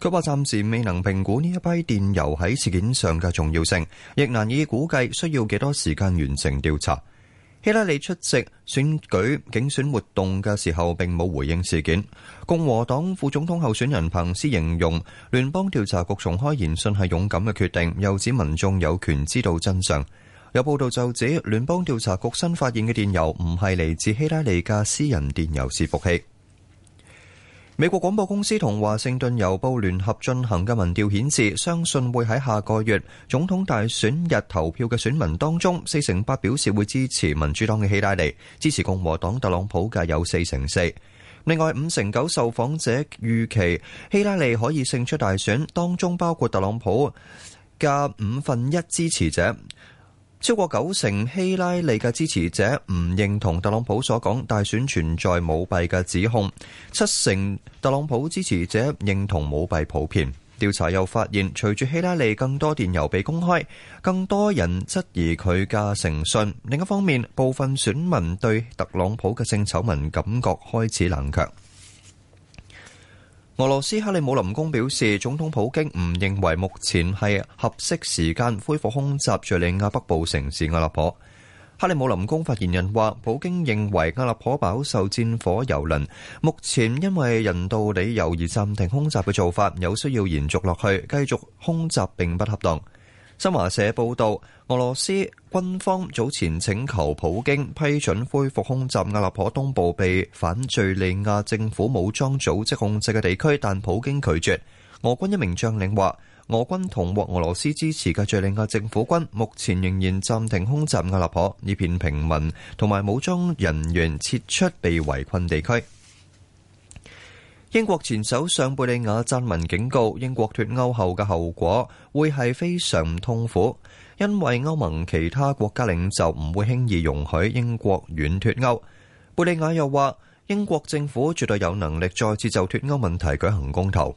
佢話暫時未能評估呢一批電郵喺事件上嘅重要性，亦難以估計需要幾多時間完成調查。希拉里出席選舉競選活動嘅時候並冇回應事件。共和黨副總統候選人彭斯形容聯邦調查局重開言訊係勇敢嘅決定，又指民眾有權知道真相。有報道就指聯邦調查局新發現嘅電郵唔係嚟自希拉里嘅私人電郵伺服器。美國廣播公司同華盛頓郵報聯合進行嘅民調顯示，相信會喺下個月總統大選日投票嘅選民當中，四成八表示會支持民主黨嘅希拉里，支持共和黨特朗普嘅有四成四。另外五成九受訪者預期希拉里可以勝出大選，當中包括特朗普加五分一支持者。超過九成希拉里嘅支持者唔認同特朗普所講大選存在舞弊嘅指控，七成特朗普支持者認同舞弊普遍。調查又發現，隨住希拉里更多電郵被公開，更多人質疑佢嘅誠信。另一方面，部分選民對特朗普嘅性醜聞感覺開始冷卻。俄羅斯克里姆林宮表示，總統普京唔認為目前係合適時間恢復空襲敘利亞北部城市阿勒頗。克里姆林宮發言人話，普京認為阿勒頗飽受戰火蹂躪，目前因為人道理由而暫停空襲嘅做法有需要延續落去，繼續空襲並不恰當。新華社報道，俄羅斯軍方早前請求普京批准恢復空襲阿勒頗東部被反敘利亞政府武裝組織控制嘅地區，但普京拒絕。俄軍一名將領話，俄軍同獲俄羅斯支持嘅敘利亞政府軍目前仍然暫停空襲阿勒頗，以便平民同埋武裝人員撤出被圍困地區。英國前首相貝利亞撰文警告，英國脫歐後嘅後果會係非常痛苦，因為歐盟其他國家領袖唔會輕易容許英國軟脫歐。貝利亞又話，英國政府絕對有能力再次就脫歐問題舉行公投。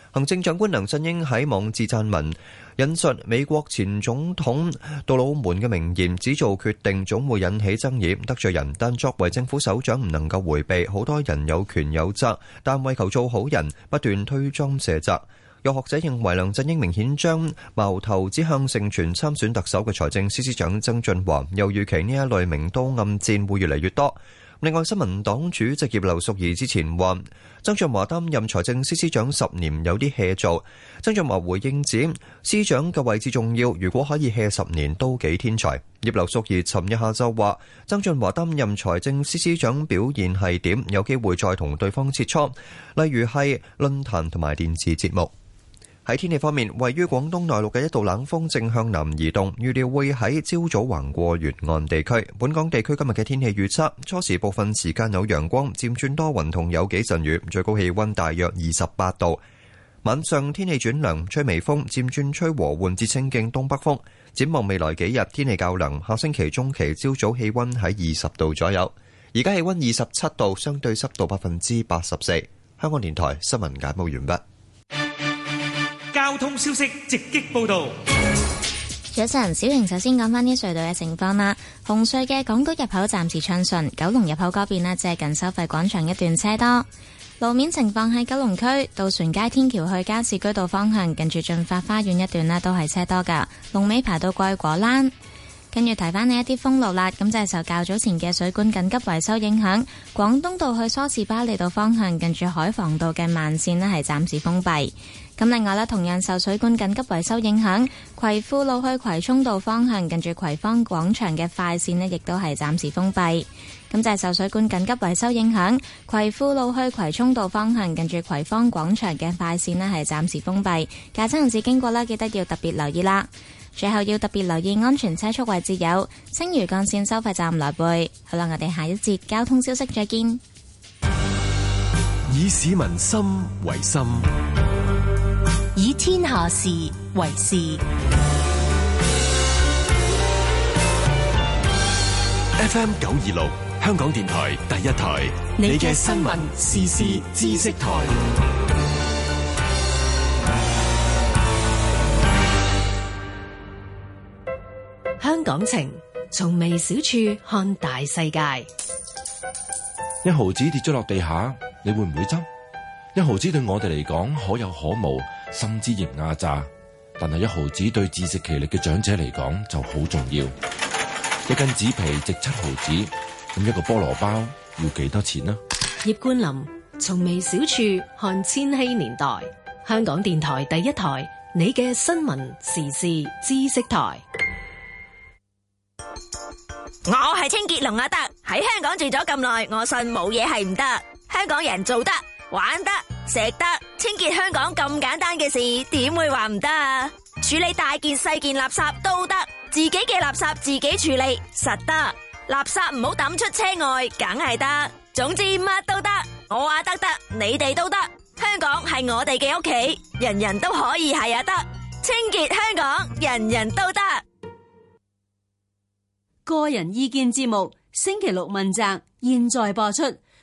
行政長官梁振英喺網誌撰文，引述美國前總統杜魯門嘅名言：只做決定總會引起爭議，得罪人。但作為政府首長，唔能夠回避。好多人有權有責，但為求做好人，不斷推裝卸責。有學者認為梁振英明顯將矛頭指向盛傳參選特首嘅財政司司長曾俊華。又預期呢一類明刀暗戰會越嚟越多。另外，新聞黨主席葉劉淑儀之前話。曾俊華擔任財政司司長十年有啲 hea 做。曾俊華回應指，司長嘅位置重要，如果可以 hea 十年都幾天才。葉劉淑儀尋日下晝話，曾俊華擔任財政司司長表現係點，有機會再同對方切磋，例如係論壇同埋電視節目。喺天氣方面，位於廣東內陸嘅一道冷風正向南移動，預料會喺朝早橫過沿岸地區。本港地區今日嘅天氣預測，初時部分時間有陽光，漸轉多雲，同有幾陣雨，最高氣溫大約二十八度。晚上天氣轉涼，吹微風，漸轉吹和緩至清勁東北風。展望未來幾日天氣較涼，下星期中期朝早氣溫喺二十度左右。而家氣溫二十七度，相對濕度百分之八十四。香港電台新聞解報完畢。交通消息直擊報道。早晨，小瑩首先講返啲隧道嘅情況啦。紅隧嘅港島入口暫時暢順，九龍入口嗰邊呢，即係近收費廣場一段車多。路面情況喺九龍區渡船街天橋去加士居道方向，近住駿發花園一段呢，都係車多噶，龍尾排到過去果欄。跟住提翻你一啲封路啦，咁就係受較早前嘅水管緊急維修影響，廣東道去梳士巴利道方向，近住海防道嘅慢線呢，係暫時封閉。咁另外咧，同樣受水管緊急維修影響，葵富路去葵涌道方向，近住葵芳廣場嘅快線呢，亦都係暫時封閉。咁就係受水管緊急維修影響，葵富路去葵涌道方向，近住葵芳廣場嘅快線呢，係暫時封閉。駕駛人士經過啦，記得要特別留意啦。最後要特別留意安全車速位置，有青嶼幹線收費站來背。好啦，我哋下一節交通消息再見。以市民心為心。下事為事，FM 九二六香港電台第一台，你嘅新聞時事知識台，時時識台香港情，從微小處看大世界。一毫子跌咗落地下，你會唔會執？一毫子對我哋嚟講，可有可無。甚至型壓榨，但係一毫子對自食其力嘅長者嚟講就好重要。一斤紙皮值七毫子，咁一個菠蘿包要幾多錢呢？葉冠霖從未小處看千禧年代，香港電台第一台，你嘅新聞時事知識台。我係清潔龍阿德，喺香港住咗咁耐，我信冇嘢係唔得，香港人做得，玩得。食得清潔香港咁簡單嘅事，點會話唔得啊？處理大件細件垃圾都得，自己嘅垃圾自己處理，實得。垃圾唔好抌出車外，梗係得。總之乜都得，我話得得，你哋都得。香港係我哋嘅屋企，人人都可以係呀得。清潔香港，人人都得。個人意見節目，星期六問責，現在播出。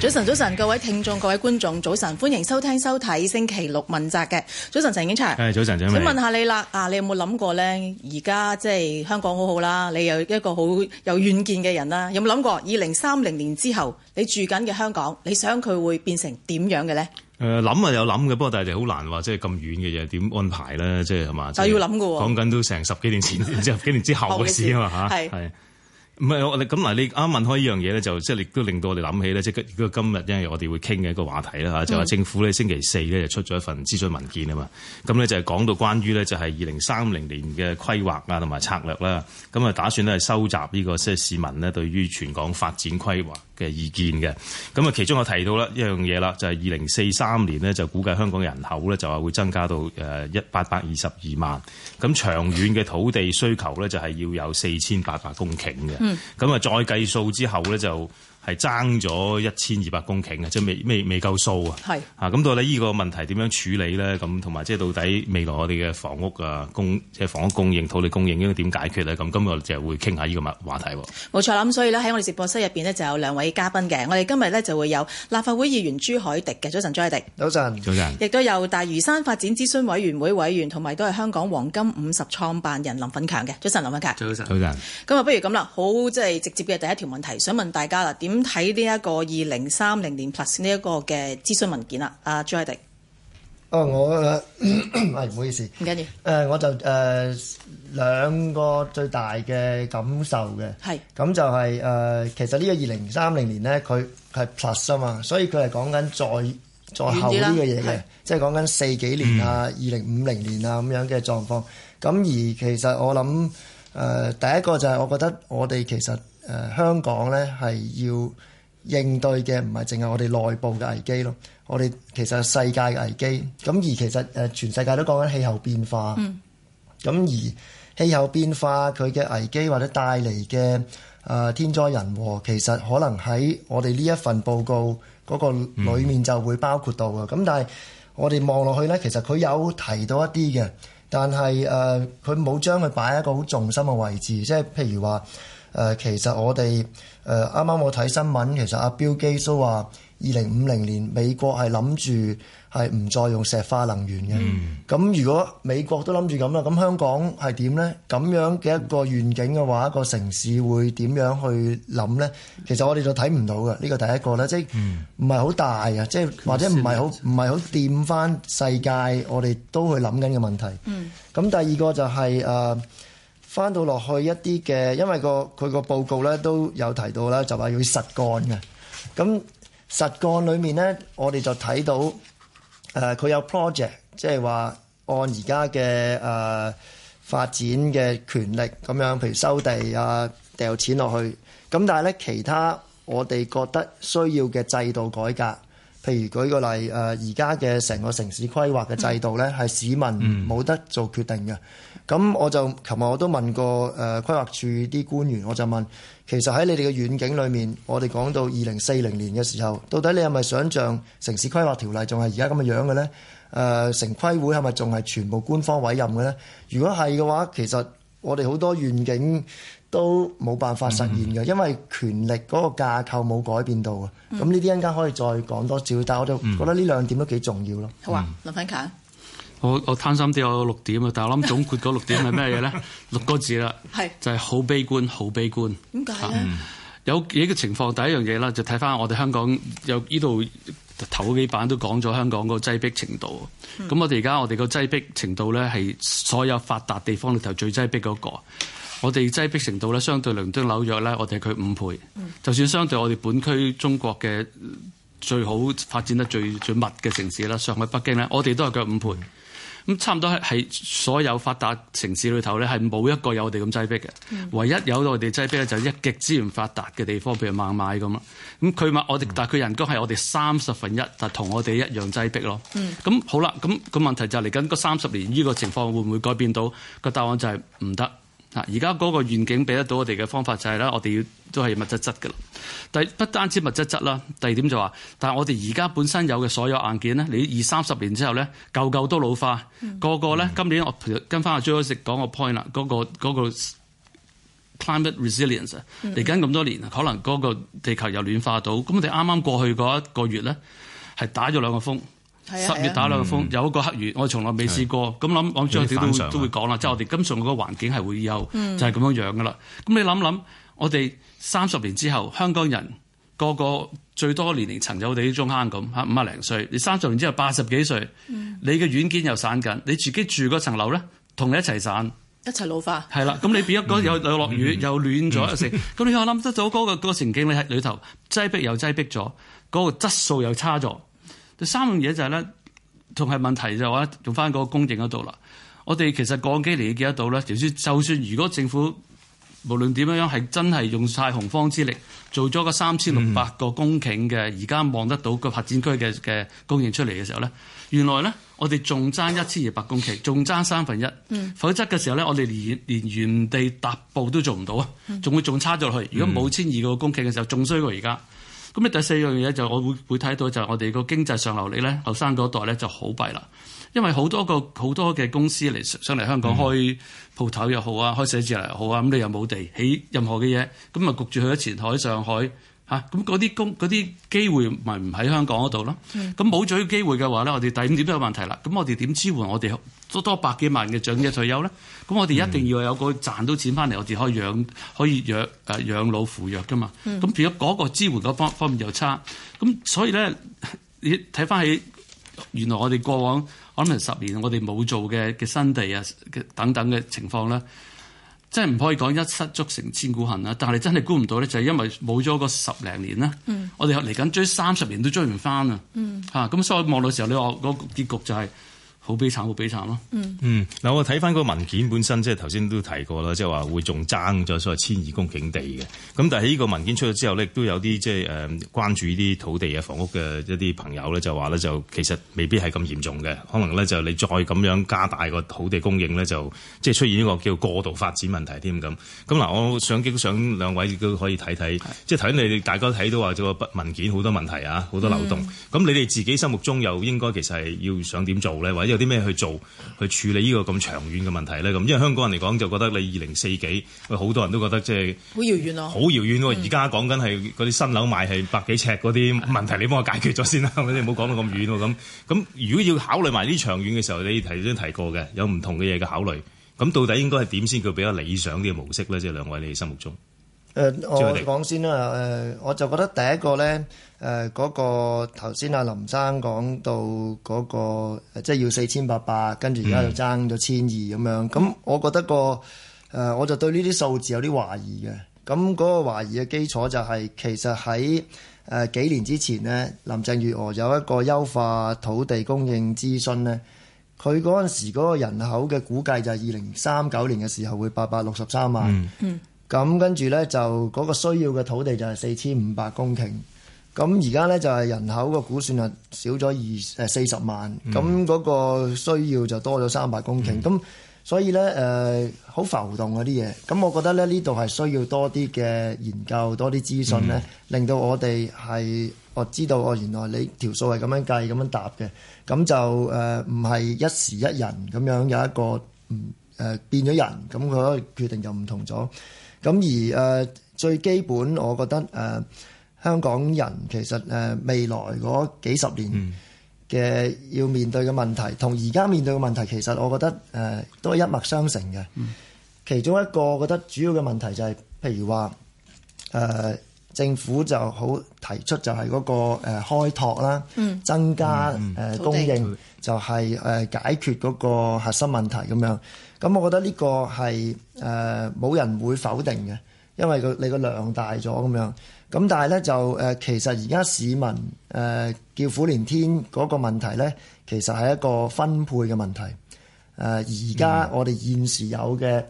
早晨，早晨，各位聽眾，各位觀眾，早晨，歡迎收聽收睇星期六問責嘅早晨，陳景祥。誒，早晨，請問下你啦，啊，你有冇諗過咧？而家即係香港好好啦，你有一個好有遠見嘅人啦，有冇諗過二零三零年之後，你住緊嘅香港，你想佢會變成點樣嘅咧？誒、呃，諗啊，有諗嘅，不過但係就好難話，即係咁遠嘅嘢點安排咧，即係係嘛？就要諗嘅喎。講緊都成十幾年前，即 十幾年之後嘅事啊嘛，嚇係。是是唔係我你咁嗱，你啱問開呢樣嘢咧，就即係亦都令到我哋諗起咧，即係今今日因為我哋會傾嘅一個話題啦嚇，嗯、就話政府咧星期四咧就出咗一份諮詢文件啊嘛，咁咧就係講到關於咧就係二零三零年嘅規劃啊同埋策略啦，咁啊打算咧係收集呢個即係市民咧對於全港發展規劃嘅意見嘅，咁啊，其中我提到啦一樣嘢啦，就係二零四三年呢，就估計香港人口呢，就話會增加到誒一八百二十二萬，咁長遠嘅土地需求呢，就係要有四千八百公頃嘅，咁啊再計數之後呢，就。係爭咗一千二百公頃啊！即係未未未夠數是啊！係啊，咁到底呢個問題點樣處理咧？咁同埋即係到底未來我哋嘅房屋啊供，即係房屋供應、土地供應應該點解決咧？咁今日就係會傾下呢個物話題。冇錯啦！咁所以咧，喺我哋直播室入邊呢，就有兩位嘉賓嘅。我哋今日咧就會有立法會議員朱凱廸嘅，早晨。朱凱廸。早晨，早晨，亦都上有大嶼山發展諮詢委員會委員同埋都係香港黃金五十創辦人林奮強嘅，早晨。林奮強。早晨，早晨。咁啊不如咁啦，好，即係直接嘅第一條問題，想問大家啦點？咁睇呢一個二零三零年 Plus 呢一個嘅諮詢文件啦，阿朱凱廸。哦，我係唔、呃哎、好意思。唔緊要。誒、呃，我就誒、呃、兩個最大嘅感受嘅。係是。咁就係、是、誒、呃，其實個呢個二零三零年咧，佢係 Plus 啊嘛，所以佢係講緊再再後呢個嘢嘅，即係講緊四幾年啊、二零五零年啊咁樣嘅狀況。咁而其實我諗誒、呃，第一個就係我覺得我哋其實。誒、呃、香港呢係要應對嘅，唔係淨係我哋內部嘅危機咯。我哋其實世界嘅危機，咁而其實誒、呃、全世界都講緊氣候變化。咁、嗯、而氣候變化佢嘅危機或者帶嚟嘅誒天災人禍，其實可能喺我哋呢一份報告嗰個裡面就會包括到嘅。咁、嗯、但係我哋望落去呢，其實佢有提到一啲嘅，但係誒佢冇將佢擺喺一個好重心嘅位置，即係譬如話。誒、呃，其實我哋誒啱啱我睇新聞，其實阿 Bill Gates 都話，二零五零年美國係諗住係唔再用石化能源嘅。咁、mm. 如果美國都諗住咁啦，咁香港係點咧？咁樣嘅一個願景嘅話，一個城市會點樣去諗咧？其實我哋就睇唔到嘅，呢、這個第一個咧，即係唔係好大嘅，即係、mm. 或者唔係好唔係好掂翻世界，我哋都去諗緊嘅問題。咁、mm. 第二個就係、是、誒。呃翻到落去一啲嘅，因為個佢個報告咧都有提到啦，就話要實幹嘅。咁實幹裡面咧，我哋就睇到誒佢、呃、有 project，即係話按而家嘅誒發展嘅權力咁樣，譬如收地啊、掉錢落去。咁但係咧，其他我哋覺得需要嘅制度改革，譬如舉個例誒，而家嘅成個城市規劃嘅制度咧，係市民冇得做決定嘅。嗯咁我就琴日我都問過誒、呃、規劃處啲官員，我就問其實喺你哋嘅遠景裏面，我哋講到二零四零年嘅時候，到底你係咪想像城市規劃條例仲係而家咁嘅樣嘅咧？誒、呃，城規會係咪仲係全部官方委任嘅咧？如果係嘅話，其實我哋好多遠景都冇辦法實現嘅，因為權力嗰個架構冇改變到啊。咁呢啲一陣間可以再講多少，但我就覺得呢兩點都幾重要咯。嗯、好啊，林奮強。我我貪心啲有六點啊，但係我諗總括嗰六點係咩嘢咧？ 六個字啦，係是就係好悲觀，好悲觀。點解、嗯、有幾個情況，第一樣嘢啦，就睇返我哋香港有呢度頭嗰幾版都講咗香港個擠逼程度。咁、嗯、我哋而家我哋個擠逼程度咧，係所有發達地方裏頭最擠逼嗰、那個。我哋擠逼程度咧，相對倫敦、紐約咧，我哋係佢五倍。嗯、就算相對我哋本區中國嘅最好發展得最最密嘅城市啦，上海、北京咧，我哋都係腳五倍。咁差唔多係所有發達城市裏頭咧，係冇一個有我哋咁擠迫嘅，嗯、唯一有我哋擠迫咧就係一極資源發達嘅地方，譬如孟買咁啦。咁佢話我哋，但係佢人工係我哋三十分一，但同我哋一樣擠迫咯。咁、嗯、好啦，咁個問題就係嚟緊嗰三十年呢個情況會唔會改變到？個答案就係唔得。啊！而家嗰個願景俾得到我哋嘅方法就係咧，我哋要都係物質質嘅啦。但係不單止物質質啦，第二點就話，但係我哋而家本身有嘅所有硬件咧，你二三十年之後咧，舊舊都老化，嗯、個個咧，今年我跟翻阿 Joey 講個 point 啦，嗰、嗰個 climate resilience 嚟緊咁多年，可能嗰個地球又暖化到，咁我哋啱啱過去嗰一個月咧，係打咗兩個風。十月打兩個風，有一個黑雨，我從來未試過。咁諗，我將來都都會講啦，即係我哋今上個環境係會有，就係咁樣樣噶啦。咁你諗諗，我哋三十年之後，香港人個個最多年齡層有我哋啲中坑咁嚇，五廿零歲。你三十年之後八十幾歲，你嘅軟件又散緊，你自己住嗰層樓咧，同你一齊散，一齊老化。係啦，咁你變一又落雨，又暖咗啊成。咁你又諗得到嗰個個情景，你喺裏頭擠逼又擠逼咗，嗰個質素又差咗。第三樣嘢就係、是、咧，同係問題就係、是、話，做翻嗰個供應嗰度啦。我哋其實過幾年你見得到咧，就算就算如果政府無論點樣樣，係真係用晒洪荒之力做咗個三千六百個公頃嘅，而家望得到個發展區嘅嘅供應出嚟嘅時候咧，原來咧我哋仲爭一千二百公頃，仲爭三分一、嗯。否則嘅時候咧，我哋連連原地踏步都做唔到啊！仲會仲差咗落去。如果冇千二個公頃嘅時候，仲衰過而家。咁咧第四樣嘢就我會會睇到，就我哋個經濟上流力咧，後生嗰代咧，就好弊啦，因為好多個好多嘅公司嚟上嚟香港開鋪頭又好啊，開寫字樓又好啊，咁你又冇地起任何嘅嘢，咁咪焗住去咗前海、上海嚇，咁嗰啲工啲機會咪唔喺香港嗰度咯。咁冇咗個機會嘅話咧，我哋第五點都有問題啦。咁我哋點支援我哋？多多百幾萬嘅長者退休咧，咁、嗯、我哋一定要有個賺到錢翻嚟，我哋可以養可以養誒養老扶弱㗎嘛。咁、嗯、如果嗰個支援嗰方方面又差，咁所以咧，你睇翻起原來我哋過往可能十年我哋冇做嘅嘅新地啊等等嘅情況咧，真係唔可以講一失足成千古恨啊！但係真係估唔到咧，就係因為冇咗嗰十零年啦，嗯、我哋嚟緊追三十年都追唔翻、嗯、啊！嚇咁所以望到時候你話個結局就係、是。好悲慘，好悲慘咯！嗯嗯，嗱、嗯，我睇翻個文件本身，即係頭先都提過啦，即係話會仲爭咗所謂千二公頃地嘅。咁但係呢個文件出咗之後咧，亦都有啲即係誒、嗯、關注呢啲土地啊、房屋嘅一啲朋友咧，就話咧就其實未必係咁嚴重嘅，可能咧就你再咁樣加大個土地供應咧，就即係出現呢個叫過度發展問題添咁。咁嗱，我想基本上兩位亦都可以睇睇，的即係睇你哋大家睇到話呢個文件好多問題啊，好多漏洞。咁、嗯、你哋自己心目中又應該其實係要想點做咧，或者？啲咩去做去處理呢個咁長遠嘅問題咧？咁因為香港人嚟講就覺得你二零四幾，好多人都覺得即係好遙遠咯，好遙遠喎！而家講緊係嗰啲新樓買係百幾尺嗰啲問題， 你幫我解決咗先啦，你唔好講到咁遠喎！咁咁如果要考慮埋啲長遠嘅時候，你頭先提過嘅有唔同嘅嘢嘅考慮，咁到底應該係點先叫比較理想啲嘅模式咧？即係兩位你哋心目中？誒、呃，我講先啦。誒、呃，我就覺得第一個咧，誒、呃，嗰個頭先阿林生講到嗰、那個，呃、即係要四千八百，跟住而家就爭咗千二咁樣。咁我覺得個誒、呃，我就對呢啲數字有啲懷疑嘅。咁、那、嗰個懷疑嘅基礎就係、是、其實喺誒幾年之前呢，林鄭月娥有一個優化土地供應諮詢咧。佢嗰陣時嗰個人口嘅估計就係二零三九年嘅時候會八百六十三萬。嗯。嗯。咁跟住呢，就嗰個需要嘅土地就係四千五百公頃，咁而家呢，就係人口個估算量少咗二誒四十萬，咁嗰個需要就多咗三百公頃，咁、嗯、所以呢，誒、呃、好浮動嗰啲嘢，咁我覺得咧呢度係需要多啲嘅研究，多啲資訊咧，嗯、令到我哋係我知道哦，原來你條數係咁樣計咁樣答嘅，咁就誒唔係一時一人咁樣有一個唔誒、呃、變咗人，咁、那、佢、個、決定就唔同咗。咁而誒、呃、最基本，我覺得誒、呃、香港人其實誒、呃、未來嗰幾十年嘅要面對嘅問題，同而家面對嘅問題，其實我覺得誒、呃、都係一脈相承嘅。嗯、其中一個我覺得主要嘅問題就係、是，譬如話誒、呃、政府就好提出就係嗰個誒開拓啦，嗯、增加誒供應，嗯嗯嗯嗯、就係誒解決嗰個核心問題咁樣。咁我覺得呢個係誒冇人會否定嘅，因為個你個量大咗咁樣。咁但係咧就誒、呃，其實而家市民誒、呃、叫苦連天嗰個問題咧、呃，其實係一個分配嘅問題。誒而家我哋現時有嘅，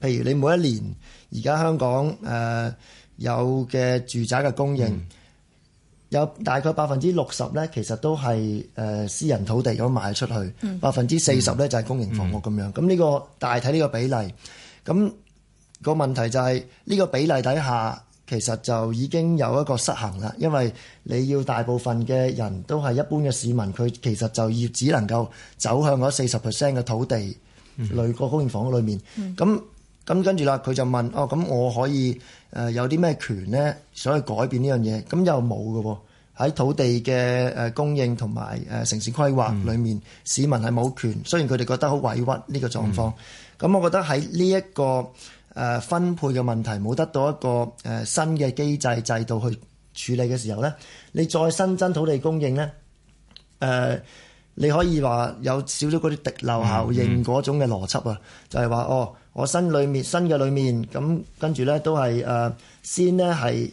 譬如你每一年而家香港誒、呃、有嘅住宅嘅供應。嗯有大概百分之六十咧，其實都係誒、呃、私人土地咁賣出去，百分之四十咧就係、是、公營房屋咁樣。咁呢、嗯嗯這個大體呢個比例，咁、那個問題就係、是、呢、這個比例底下，其實就已經有一個失衡啦。因為你要大部分嘅人都係一般嘅市民，佢其實就業只能夠走向嗰四十 percent 嘅土地、嗯、類嗰公營房屋裏面。咁、嗯嗯咁跟住啦，佢就問哦，咁我可以誒有啲咩權呢？想去改變呢樣嘢？咁又冇㗎喎，喺土地嘅誒供應同埋誒城市規劃裏面，嗯、市民係冇權。雖然佢哋覺得好委屈呢個狀況。咁、嗯嗯、我覺得喺呢一個誒分配嘅問題冇得到一個誒新嘅機制制度去處理嘅時候呢，你再新增土地供應呢，誒、呃、你可以話有少少嗰啲滴漏效應嗰種嘅邏輯啊，嗯嗯、就係話哦。我新裏面新嘅裏面，咁跟住呢都係誒、呃、先呢係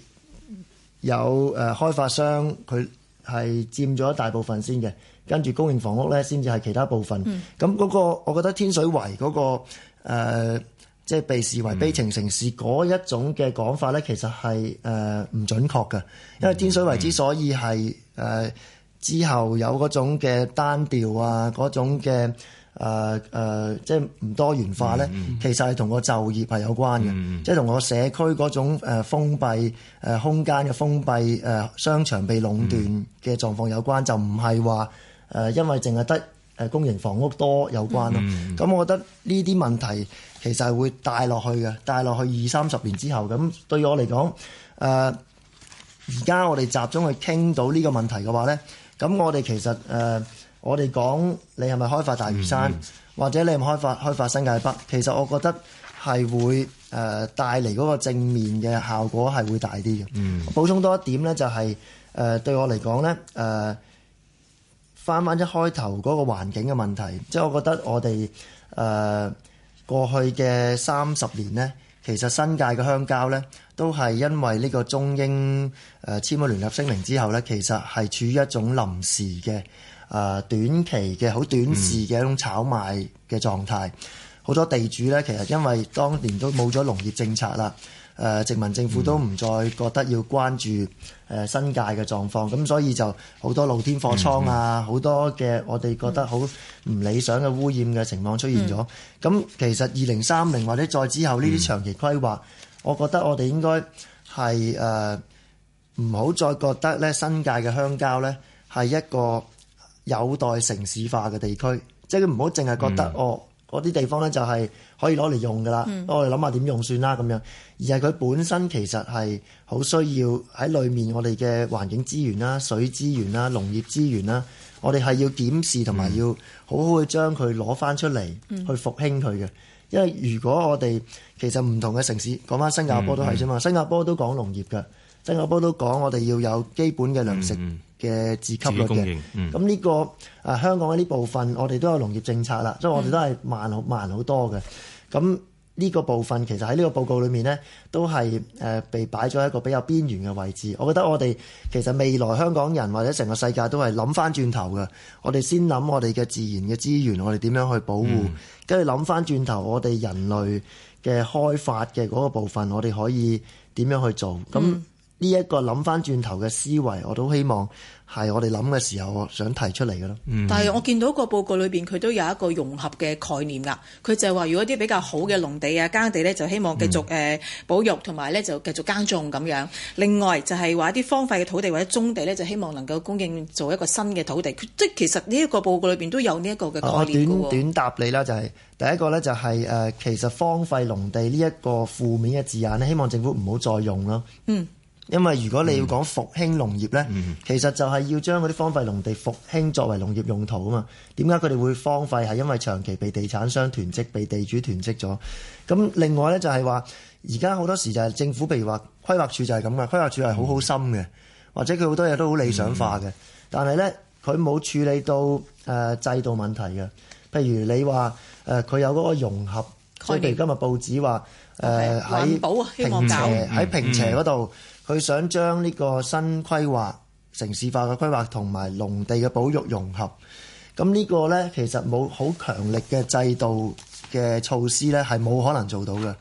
有誒、呃、開發商佢係佔咗大部分先嘅，跟住公營房屋呢，先至係其他部分。咁嗰、嗯、個我覺得天水圍嗰、那個即係、呃就是、被視為悲情城市嗰一種嘅講法呢，其實係誒唔準確嘅，因為天水圍之所以係誒、呃、之後有嗰種嘅單調啊，嗰種嘅。誒誒、呃呃，即係唔多元化咧，嗯嗯、其實係同個就業係有關嘅，嗯、即係同個社區嗰種封閉誒、呃、空間嘅封閉誒、呃、商場被壟斷嘅狀況有關，嗯、就唔係話誒因為淨係得誒公營房屋多有關咯。咁、嗯、我覺得呢啲問題其實係會帶落去嘅，帶落去二三十年之後咁。對我嚟講，誒而家我哋集中去傾到呢個問題嘅話咧，咁我哋其實誒。呃呃我哋講你係咪開發大嶼山，嗯、或者你唔開發開發新界北？其實我覺得係會誒帶嚟嗰個正面嘅效果係會大啲嘅。嗯、補充多一點咧、就係，就係誒對我嚟講咧誒翻翻一開頭嗰個環境嘅問題，即係我覺得我哋誒、呃、過去嘅三十年咧，其實新界嘅鄉郊咧都係因為呢個中英誒簽咗聯合聲明之後咧，其實係處於一種臨時嘅。誒、呃、短期嘅好短視嘅一種炒賣嘅狀態，好、嗯、多地主呢，其實因為當年都冇咗農業政策啦，誒、呃、殖民政府都唔再覺得要關注誒、呃、新界嘅狀況，咁所以就好多露天貨倉啊，好、嗯、哼多嘅我哋覺得好唔理想嘅、嗯、污染嘅情況出現咗。咁、嗯、其實二零三零或者再之後呢啲長期規劃，嗯、我覺得我哋應該係誒唔好再覺得咧新界嘅鄉郊呢係一個有待城市化嘅地區，即係佢唔好淨係覺得哦，嗰啲、嗯、地方咧就係可以攞嚟用噶啦，嗯、我哋諗下點用算啦咁樣，而係佢本身其實係好需要喺裏面我哋嘅環境資源啦、水資源啦、農業資源啦，我哋係要檢視同埋、嗯、要好好、嗯、去將佢攞翻出嚟去復興佢嘅。因為如果我哋其實唔同嘅城市，講翻新、嗯嗯、新加坡都係啫嘛，新加坡都講農業嘅，新加坡都講我哋要有基本嘅糧食、嗯。嗯嘅自給率嘅，咁呢、嗯這個啊、呃、香港呢部分，我哋都有農業政策啦，嗯、所以我哋都係慢好慢好多嘅。咁呢個部分其實喺呢個報告裏面呢，都係誒、呃、被擺咗喺一個比較邊緣嘅位置。我覺得我哋其實未來香港人或者成個世界都係諗翻轉頭嘅。我哋先諗我哋嘅自然嘅資源，我哋點樣去保護，跟住諗翻轉頭我哋人類嘅開發嘅嗰個部分，我哋可以點樣去做咁？呢一個諗翻轉頭嘅思維，我都希望係我哋諗嘅時候想提出嚟嘅咯。嗯、但係我見到個報告裏邊佢都有一個融合嘅概念㗎，佢就係話如果啲比較好嘅農地啊、耕地呢，就希望繼續誒、嗯、保育，同埋呢就繼續耕種咁樣。另外就係話啲荒廢嘅土地或者宗地呢，就希望能夠供應做一個新嘅土地。即係其實呢一個報告裏邊都有呢一個嘅概念、啊、短短答你啦，就係、是、第一個呢、就是，就係誒，其實荒廢農地呢一個負面嘅字眼呢，希望政府唔好再用咯。嗯。因為如果你要講復興農業咧， 其實就係要將嗰啲荒廢農地復興作為農業用途啊嘛。點解佢哋會荒廢？係因為長期被地產商囤積、被地主囤積咗。咁另外咧就係話，而家好多時就係政府，譬如話規劃處就係咁嘅。規劃處係好好心嘅， 或者佢好多嘢都好理想化嘅。但係咧，佢冇處理到誒制度問題嘅。譬如你話誒，佢、呃、有嗰個融合，譬如 Connie. 今日報紙話誒喺平喺平斜嗰度。 佢想將呢個新規劃城市化嘅規劃同埋農地嘅保育融合，咁、這、呢個呢，其實冇好強力嘅制度嘅措施呢，係冇可能做到嘅。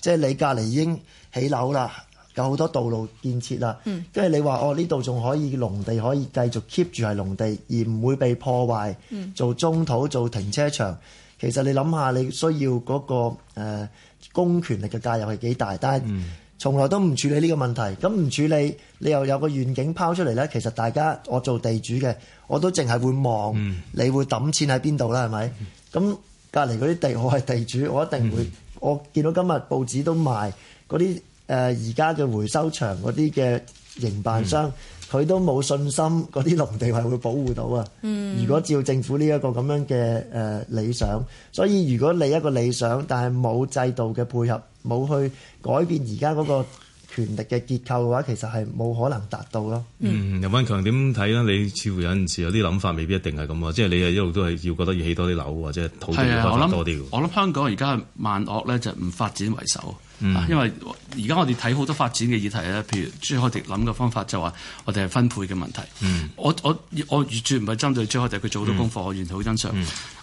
即係你隔離已經起樓啦，有好多道路建設啦，跟住、嗯、你話哦呢度仲可以農地可以繼續 keep 住係農地，而唔會被破壞做棕土做停車場。其實你諗下你需要嗰、那個、呃、公權力嘅介入係幾大，但係。嗯從來都唔處理呢個問題，咁唔處理，你又有個願景拋出嚟呢。其實大家，我做地主嘅，我都淨係會望，嗯、你會抌錢喺邊度啦，係咪？咁隔籬嗰啲地，我係地主，我一定會，嗯、我見到今日報紙都賣嗰啲誒，而家嘅回收場嗰啲嘅營辦商，佢、嗯、都冇信心嗰啲農地係會保護到啊。嗯、如果照政府呢一個咁樣嘅誒、呃、理想，所以如果你一個理想，但係冇制度嘅配合。冇去改變而家嗰個權力嘅結構嘅話，其實係冇可能達到咯。嗯，林奮強點睇咧？你似乎有陣時有啲諗法，未必一定係咁喎。即係你係一路都係要覺得要起多啲樓或者土地要多啲。我諗香港而家萬惡咧，就唔發展為首。嗯、因為而家我哋睇好多發展嘅議題咧，譬如朱凱迪諗嘅方法就話，我哋係分配嘅問題。嗯、我我我完全唔係針對朱凱迪，佢做咗功課，嗯、我完全好欣賞。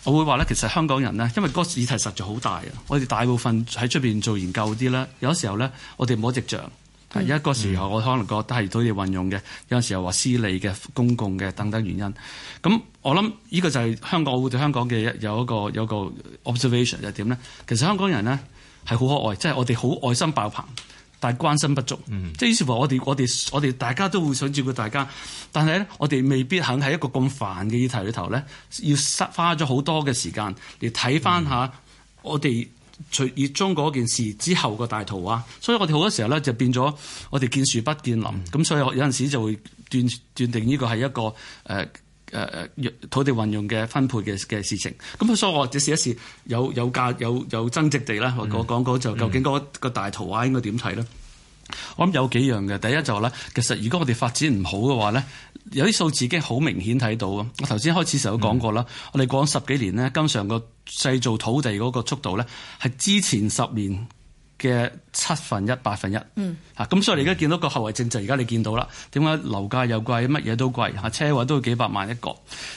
我會話咧，其實香港人呢，因為嗰個議題實在好大啊！我哋大部分喺出邊做研究啲咧，有時候咧，我哋唔好直覺。有一個時候，我可能覺得係土地運用嘅；有陣時候話私利嘅、公共嘅等等原因。咁我諗呢個就係香港我會對香港嘅有一個有個 observation 就係點咧？其實香港人咧。係好可愛，即、就、係、是、我哋好愛心爆棚，但係關心不足，即係、嗯、於是乎我哋我哋我哋大家都會想照顧大家，但係咧，我哋未必肯喺一個咁煩嘅議題裏頭咧，要花咗好多嘅時間嚟睇翻下我哋除要中嗰件事之後嘅大圖畫，嗯、所以我哋好多時候咧就變咗我哋見樹不見林咁，嗯、所以我有陣時就會斷斷定呢個係一個誒。呃誒誒，土地運用嘅分配嘅嘅事情，咁啊，所以我就試一試有有價有有增值地啦。我講講就究竟嗰個大圖畫應該點睇咧？嗯嗯、我諗有幾樣嘅，第一就係、是、咧，其實如果我哋發展唔好嘅話咧，有啲數字已經好明顯睇到啊！我頭先開始時候講過啦，嗯、我哋講十幾年咧，今上個製造土地嗰個速度咧，係之前十年嘅七分一、八分一，嚇咁、嗯啊、所以你而家見到個後遺症就而家你見到啦。點解樓價又貴，乜嘢都貴，嚇車位都要幾百萬一個。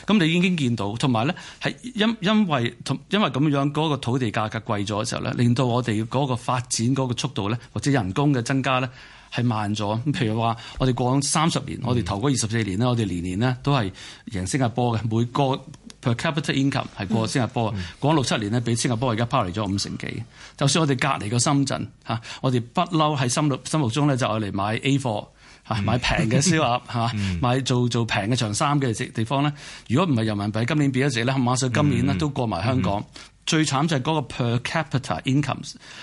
咁你已經見到，同埋咧係因因為同因為咁樣嗰、那個土地價格貴咗嘅時候咧，令到我哋嗰個發展嗰個速度咧或者人工嘅增加咧係慢咗。譬如話，我哋過咗三十年，我哋頭嗰二十四年呢，嗯、我哋年年呢都係贏新加坡嘅每個。per capita income 係過新加坡啊！講六七年咧，比新加坡而家拋離咗五成幾。就算我哋隔離個深圳嚇，我哋不嬲喺心目中咧就嚟買 A 貨嚇，買平嘅燒鴨嚇，mm. 買做做平嘅長衫嘅地方咧。如果唔係人民幣，今年變咗成咧，馬上今年咧都過埋香港。Mm. 最慘就係嗰個 per capita income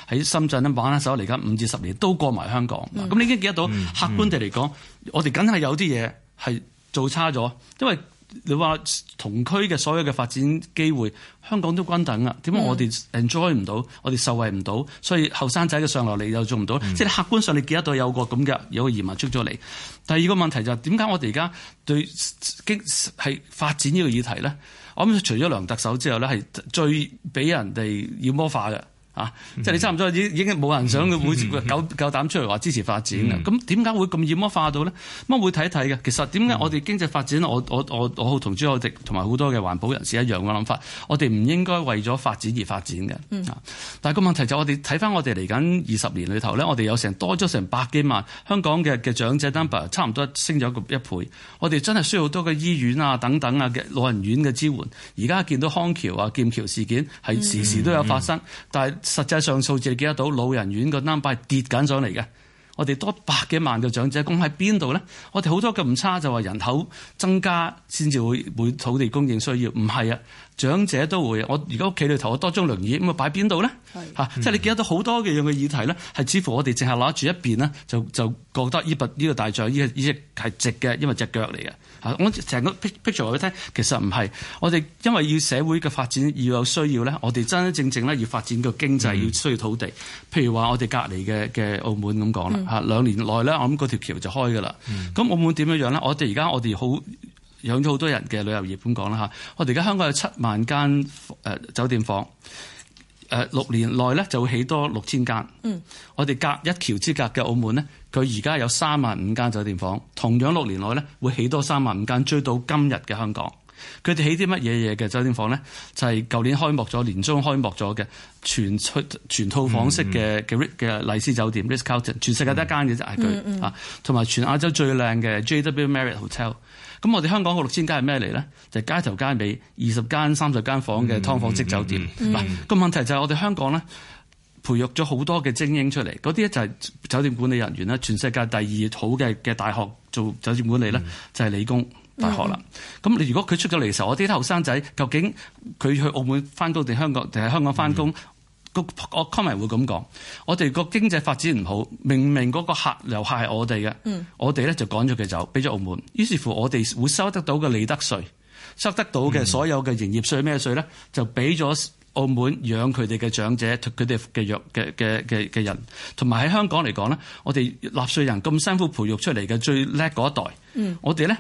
喺深圳咧玩一手嚟，緊五至十年都過埋香港。咁、mm. 你已經見得到，客觀地嚟講，mm. 我哋梗係有啲嘢係做差咗，因為。你話同區嘅所有嘅發展機會，香港都均等啊？點解我哋 enjoy 唔到，我哋受惠唔到，所以後生仔嘅上落嚟又做唔到？嗯、即係客觀上你記得到有個咁嘅有個移民出咗嚟。第二個問題就係點解我哋而家對經濟發展呢個議題咧？我諗除咗梁特首之外咧，係最俾人哋妖魔化嘅。啊！ 即係你差唔多已已經冇人想嘅會夠夠膽出嚟話支持發展嘅，咁點解會咁妖魔化到咧？乜啊會睇一睇嘅。其實點解我哋經濟發展，我我我我好同朱凱廸同埋好多嘅環保人士一樣嘅諗法，我哋唔應該為咗發展而發展嘅，啊。但係個問題就我哋睇翻我哋嚟緊二十年裏頭咧，我哋有成多咗成百幾萬香港嘅嘅長者 number，差唔多升咗個一倍。我哋真係需要好多嘅醫院啊、等等啊嘅老人院嘅支援。而家見到康橋啊、劍橋事件係時時都有發生， 但係實際上數字你記得到，老人院個 number 係跌緊上嚟嘅。我哋多百幾萬嘅長者，咁喺邊度咧？我哋好多嘅唔差就話人口增加先至會會土地供應需要，唔係啊。長者都會，我而家屋企裏頭我多張輪椅，咁啊擺邊度咧？嚇，嗯、即係你記得到好多嘅樣嘅議題咧，係似乎我哋淨係攞住一邊呢，就就覺得依筆依個大象呢、這個隻係直嘅，因為隻腳嚟嘅嚇。我成個 picture 去睇，其實唔係我哋因為要社會嘅發展要有需要咧，我哋真真正正咧要發展個經濟、嗯、要需要土地。譬如話我哋隔離嘅嘅澳門咁講啦嚇，兩、嗯、年內咧我諗嗰條橋就開噶啦。咁、嗯、澳門點樣樣咧？我哋而家我哋好。養咗好多人嘅旅遊業，咁講啦嚇。我哋而家香港有七萬間誒、呃、酒店房，誒、呃、六年內咧就會起多六千間。嗯，我哋隔一橋之隔嘅澳門咧，佢而家有三萬五間酒店房，同樣六年內咧會起多三萬五間，追到今日嘅香港。佢哋起啲乜嘢嘢嘅酒店房咧？就係、是、舊年開幕咗、年中開幕咗嘅全出全套房式嘅嘅麗思酒店 （Ritz Carlton），、嗯、全世界得一間嘅啫，係佢啊，同埋、嗯、全亞洲最靚嘅 JW Marriott Hotel。咁我哋香港個六千間係咩嚟呢？就係、是、街頭街尾二十間三十間房嘅劏房式酒店。嗱、嗯嗯嗯嗯、個問題就係我哋香港呢，培育咗好多嘅精英出嚟。嗰啲咧就係酒店管理人員啦。全世界第二好嘅嘅大學做酒店管理呢，嗯、就係理工大學啦。咁你、嗯嗯、如果佢出咗嚟時候，我啲後生仔究竟佢去澳門翻工定香港定喺香港翻工？嗯嗯我個 comment 會咁講，我哋個經濟發展唔好，明明嗰個客留下係我哋嘅，嗯、我哋咧就趕咗佢走，俾咗澳門。於是乎，我哋會收得到嘅利得稅，收得到嘅所有嘅營業稅咩稅咧，就俾咗澳門養佢哋嘅長者，佢哋嘅弱嘅嘅嘅嘅人，同埋喺香港嚟講咧，我哋納稅人咁辛苦培育出嚟嘅最叻嗰一代，嗯、我哋咧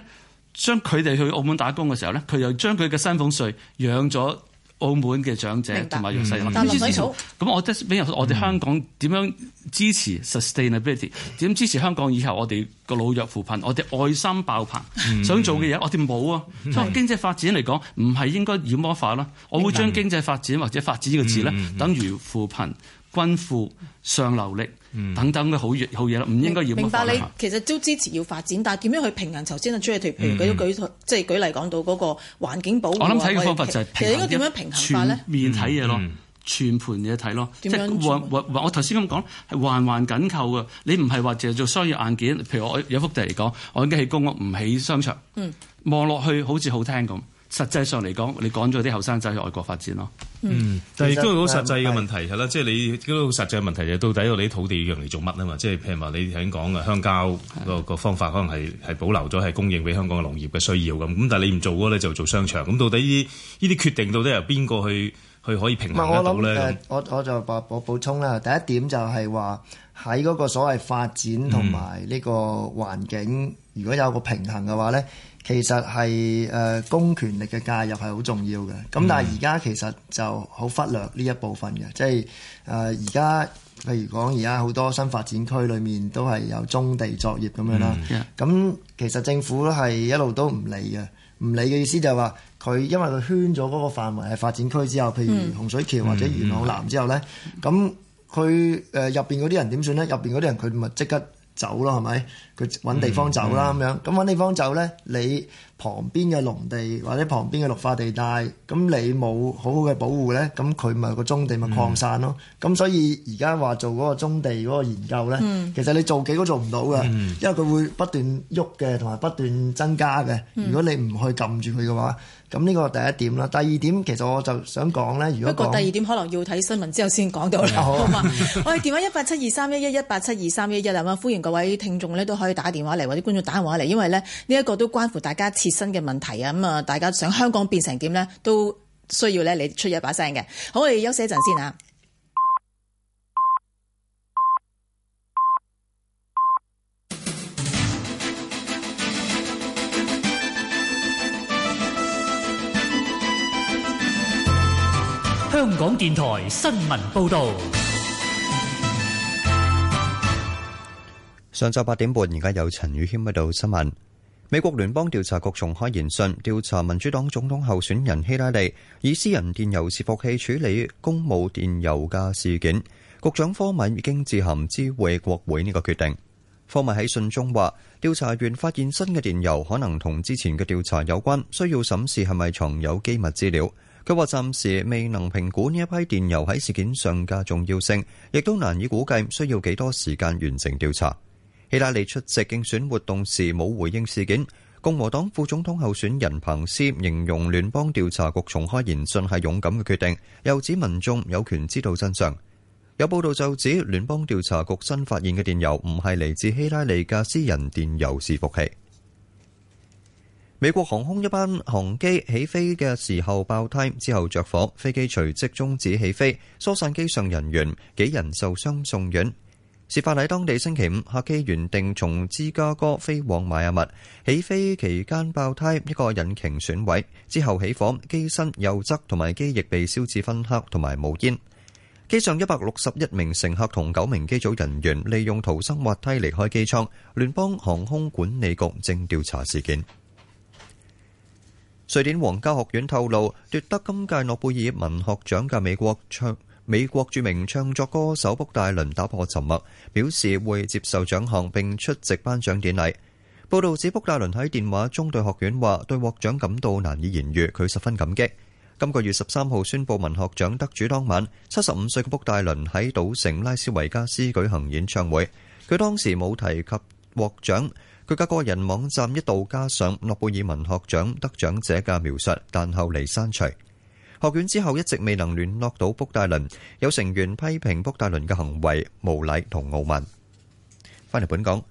將佢哋去澳門打工嘅時候咧，佢又將佢嘅薪俸稅養咗。澳門嘅長者同埋弱勢，咁我得比如我哋香港點樣支持 sustainability？點、嗯、支持香港以後我哋個老弱扶貧？我哋愛心爆棚，嗯、想做嘅嘢我哋冇啊！嗯、所以經濟發展嚟講，唔係應該妖魔化啦。我會將經濟發展或者發展呢個字咧，等於扶貧。均富、上流力等等嘅好嘢，好嘢啦，唔應該要。明白你其實都支持要發展，但係點樣去平衡頭先阿朱提出嚟？譬如舉即係、嗯、舉例講到嗰個環境保護。我諗睇嘅方法就係平，平衡一全面睇嘢咯，嗯、全盤嘢睇咯。嗯、即係是我頭先咁講係環環緊扣嘅。你唔係話淨係做商業硬件。譬如我有幅地嚟講，我已經起公屋唔起商場。嗯，望落去好似好聽咁。實際上嚟講，你趕咗啲後生仔去外國發展咯。嗯，但係亦都好實際嘅問題係啦，即係你嗰個實際嘅問題就到底你啲土地用嚟做乜啊嘛？即係譬如話你聽講嘅鄉郊個個方法可能係係保留咗係供應俾香港嘅農業嘅需要咁。咁但係你唔做嗰咧，就做商場。咁到底呢啲呢啲決定到底由邊個去去可以平衡得到咧、嗯？我我，我就補補補充啦。第一點就係話喺嗰個所謂發展同埋呢個環境，如果有個平衡嘅話咧。嗯其實係誒、呃、公權力嘅介入係好重要嘅，咁但係而家其實就好忽略呢一部分嘅，即係誒而家譬如講而家好多新發展區裏面都係有棕地作業咁樣啦，咁、嗯 yeah. 嗯、其實政府係一路都唔理嘅，唔理嘅意思就係話佢因為佢圈咗嗰個範圍係發展區之後，譬如洪水橋或者元朗南之後、嗯嗯呃、呢。咁佢誒入邊嗰啲人點算呢？入邊嗰啲人佢咪即刻？走咯，係咪？佢揾地方走啦，咁、嗯嗯、樣咁揾地方走呢，你旁邊嘅農地或者旁邊嘅綠化地帶，咁你冇好好嘅保護呢，咁佢咪個棕地咪擴散咯？咁、嗯、所以而家話做嗰個棕地嗰個研究呢，嗯、其實你做幾都做唔到嘅，嗯、因為佢會不斷喐嘅，同埋不斷增加嘅。如果你唔去撳住佢嘅話，咁呢個第一點啦，第二點其實我就想講咧，如果不過第二點可能要睇新聞之後先講到啦，好嘛？我哋電話一八七二三一一一八七二三一一啊，歡迎各位聽眾咧都可以打電話嚟或者觀眾打電話嚟，因為咧呢一個都關乎大家切身嘅問題啊，咁啊大家想香港變成點咧，都需要咧你出一把聲嘅。好，我哋休息一陣先嚇。港電台新聞報道：上晝八點半，而家有陳宇謙喺度。新聞：美國聯邦調查局重開言訊調查民主黨總統候選人希拉里以私人電郵伺服器處理公務電郵嘅事件。局長科米已經致函知會國會呢個決定。科米喺信中話，調查員發現新嘅電郵可能同之前嘅調查有關，需要審視係咪藏有機密資料。佢話暫時未能評估呢一批電郵喺事件上嘅重要性，亦都難以估計需要幾多時間完成調查。希拉里出席競選活動時冇回應事件。共和黨副總統候選人彭斯形容聯邦調查局重開研訊係勇敢嘅決定，又指民眾有權知道真相。有報道就指聯邦調查局新發現嘅電郵唔係嚟自希拉里嘅私人電郵伺服器。美國航空一班航機起飛嘅時候爆胎，之後着火，飛機隨即中止起飛，疏散機上人員，幾人受傷送院。事發喺當地星期五，客機原定從芝加哥飛往邁阿密，起飛期間爆胎，一個引擎損毀，之後起火，機身右側同埋機翼被燒至熏黑同埋冒煙。機上一百六十一名乘客同九名機組人員利用逃生滑梯離開機艙。聯邦航空管理局正調查事件。瑞典皇家學院透露，奪得今屆諾貝爾文學獎嘅美國唱美國著名唱作歌手卜大倫打破沉默，表示會接受獎項並出席頒獎典禮。報道指卜大倫喺電話中對學院話：對獲獎感到難以言喻，佢十分感激。今個月十三號宣布文學獎得主當晚，七十五歲嘅卜大倫喺賭城拉斯維加斯舉行演唱會，佢當時冇提及獲獎。佢嘅個人網站一度加上諾貝爾文學獎得獎者嘅描述，但後嚟刪除。學院之後一直未能聯絡到卜戴倫。有成員批評卜戴倫嘅行為無禮同傲慢。翻嚟本港，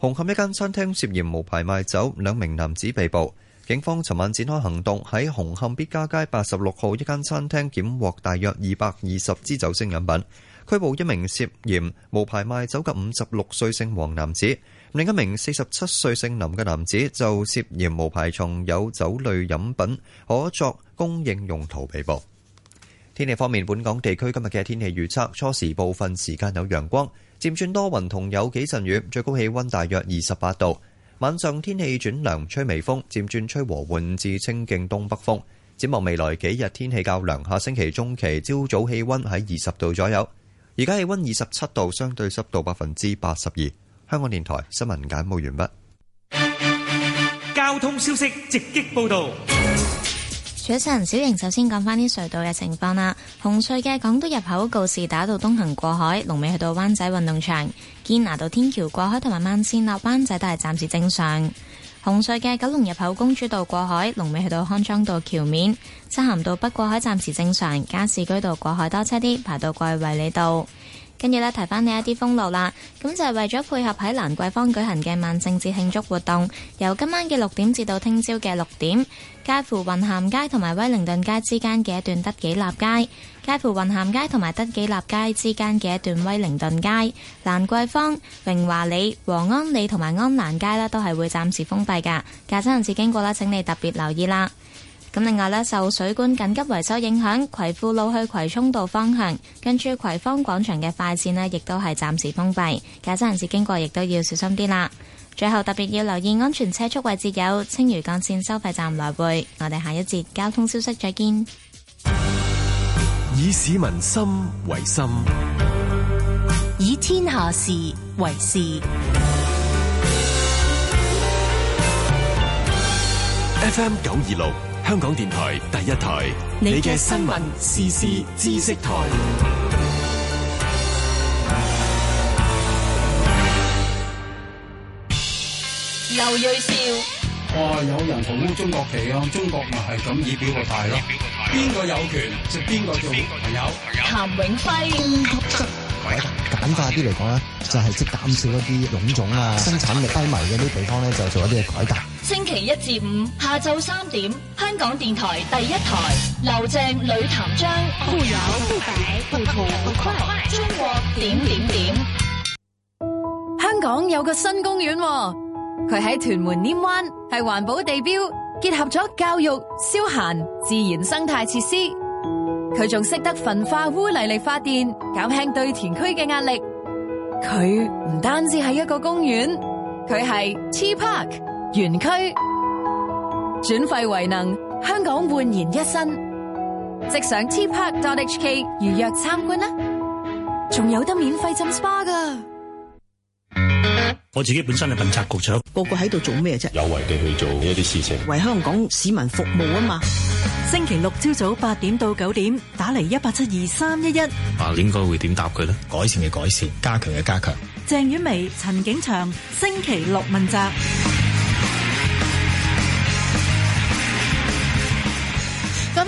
紅磡一間餐廳涉嫌無牌賣酒，兩名男子被捕。警方尋晚展開行動，喺紅磡必嘉街八十六號一間餐廳，檢獲大約二百二十支酒精飲品，拘捕一名涉嫌無牌賣酒嘅五十六歲姓黃男子。另一名四十七歲姓林嘅男子就涉嫌無牌藏有酒類飲品，可作供應用途被捕。天氣方面，本港地區今日嘅天氣預測：初時部分時間有陽光，漸轉多雲同有幾陣雨，最高氣温大約二十八度。晚上天氣轉涼，吹微風，漸轉吹和緩至清勁東北風。展望未來幾日天氣較涼，下星期中期朝早氣温喺二十度左右。而家氣温二十七度，相對濕度百分之八十二。香港電台新聞簡報完畢。交通消息直擊報道。早晨、小瑩，首先講翻啲隧道嘅情況啦。紅隧嘅港島入口告士打道東行過海，龍尾去到灣仔運動場；堅拿道天橋過海同埋慢線落灣仔都係暫時正常。紅隧嘅九龍入口公主道過海，龍尾去到康莊道橋面；漆咸道北過海暫時正常；加士居道過海多車啲，排到貴惠里道。跟住咧，提翻你一啲封路啦。咁就係為咗配合喺蘭桂坊舉行嘅萬聖節慶祝活動，由今晚嘅六點至到聽朝嘅六點，介乎雲咸街同埋威靈頓街之間嘅一段德己立街，介乎雲咸街同埋德己立街之間嘅一段威靈頓街、蘭桂坊、榮華里、和安里同埋安蘭街呢，都係會暫時封閉噶。駕車人士經過咧，請你特別留意啦。咁另外咧，受水管緊急維修影響，葵富路去葵涌道方向，跟住葵芳廣場嘅快線咧，亦都係暫時封閉，駕駛人士經過亦都要小心啲啦。最後特別要留意安全車速位置有青嶼幹線收費站來回。我哋下一節交通消息再見。以市民心為心，以天下事為事。F M 九二六。香港電台第一台，你嘅新聞時事知識台。劉瑞兆，哇！有人討中國旗啊，中國咪係咁表個態咯，啊，邊個有權就邊個做，朋友。譚永輝。 簡化啲嚟講咧，就係即係減少一啲臃腫啊、生產力低迷嘅呢啲地方咧，就做一啲嘅改革。星期一至五下晝三點，香港電台第一台，劉靜、呂譚章，富 Okay. 有不敗，活潑中國，點點點。點香港有個新公園，佢喺屯門稔灣，係環保地標，結合咗教育、消閒、自然生態設施。佢仲識得焚化污泥嚟發電，減輕對田區嘅壓力。佢唔單止係一個公園，佢係 T Park 園區，轉廢為能，香港煥然一新。即上 T Park dot HK 預約參觀啦，仲有得免費浸 SPA 噶。我自己本身係殯葬局長，個個喺度做咩啫？有為地去做呢一啲事情，為香港市民服務啊嘛。星期六朝早八點到九點，打嚟一八七二三一一。啊，應該會點答佢咧？改善嘅改善，加強嘅加強。鄭婉薇、陳景祥，星期六問責。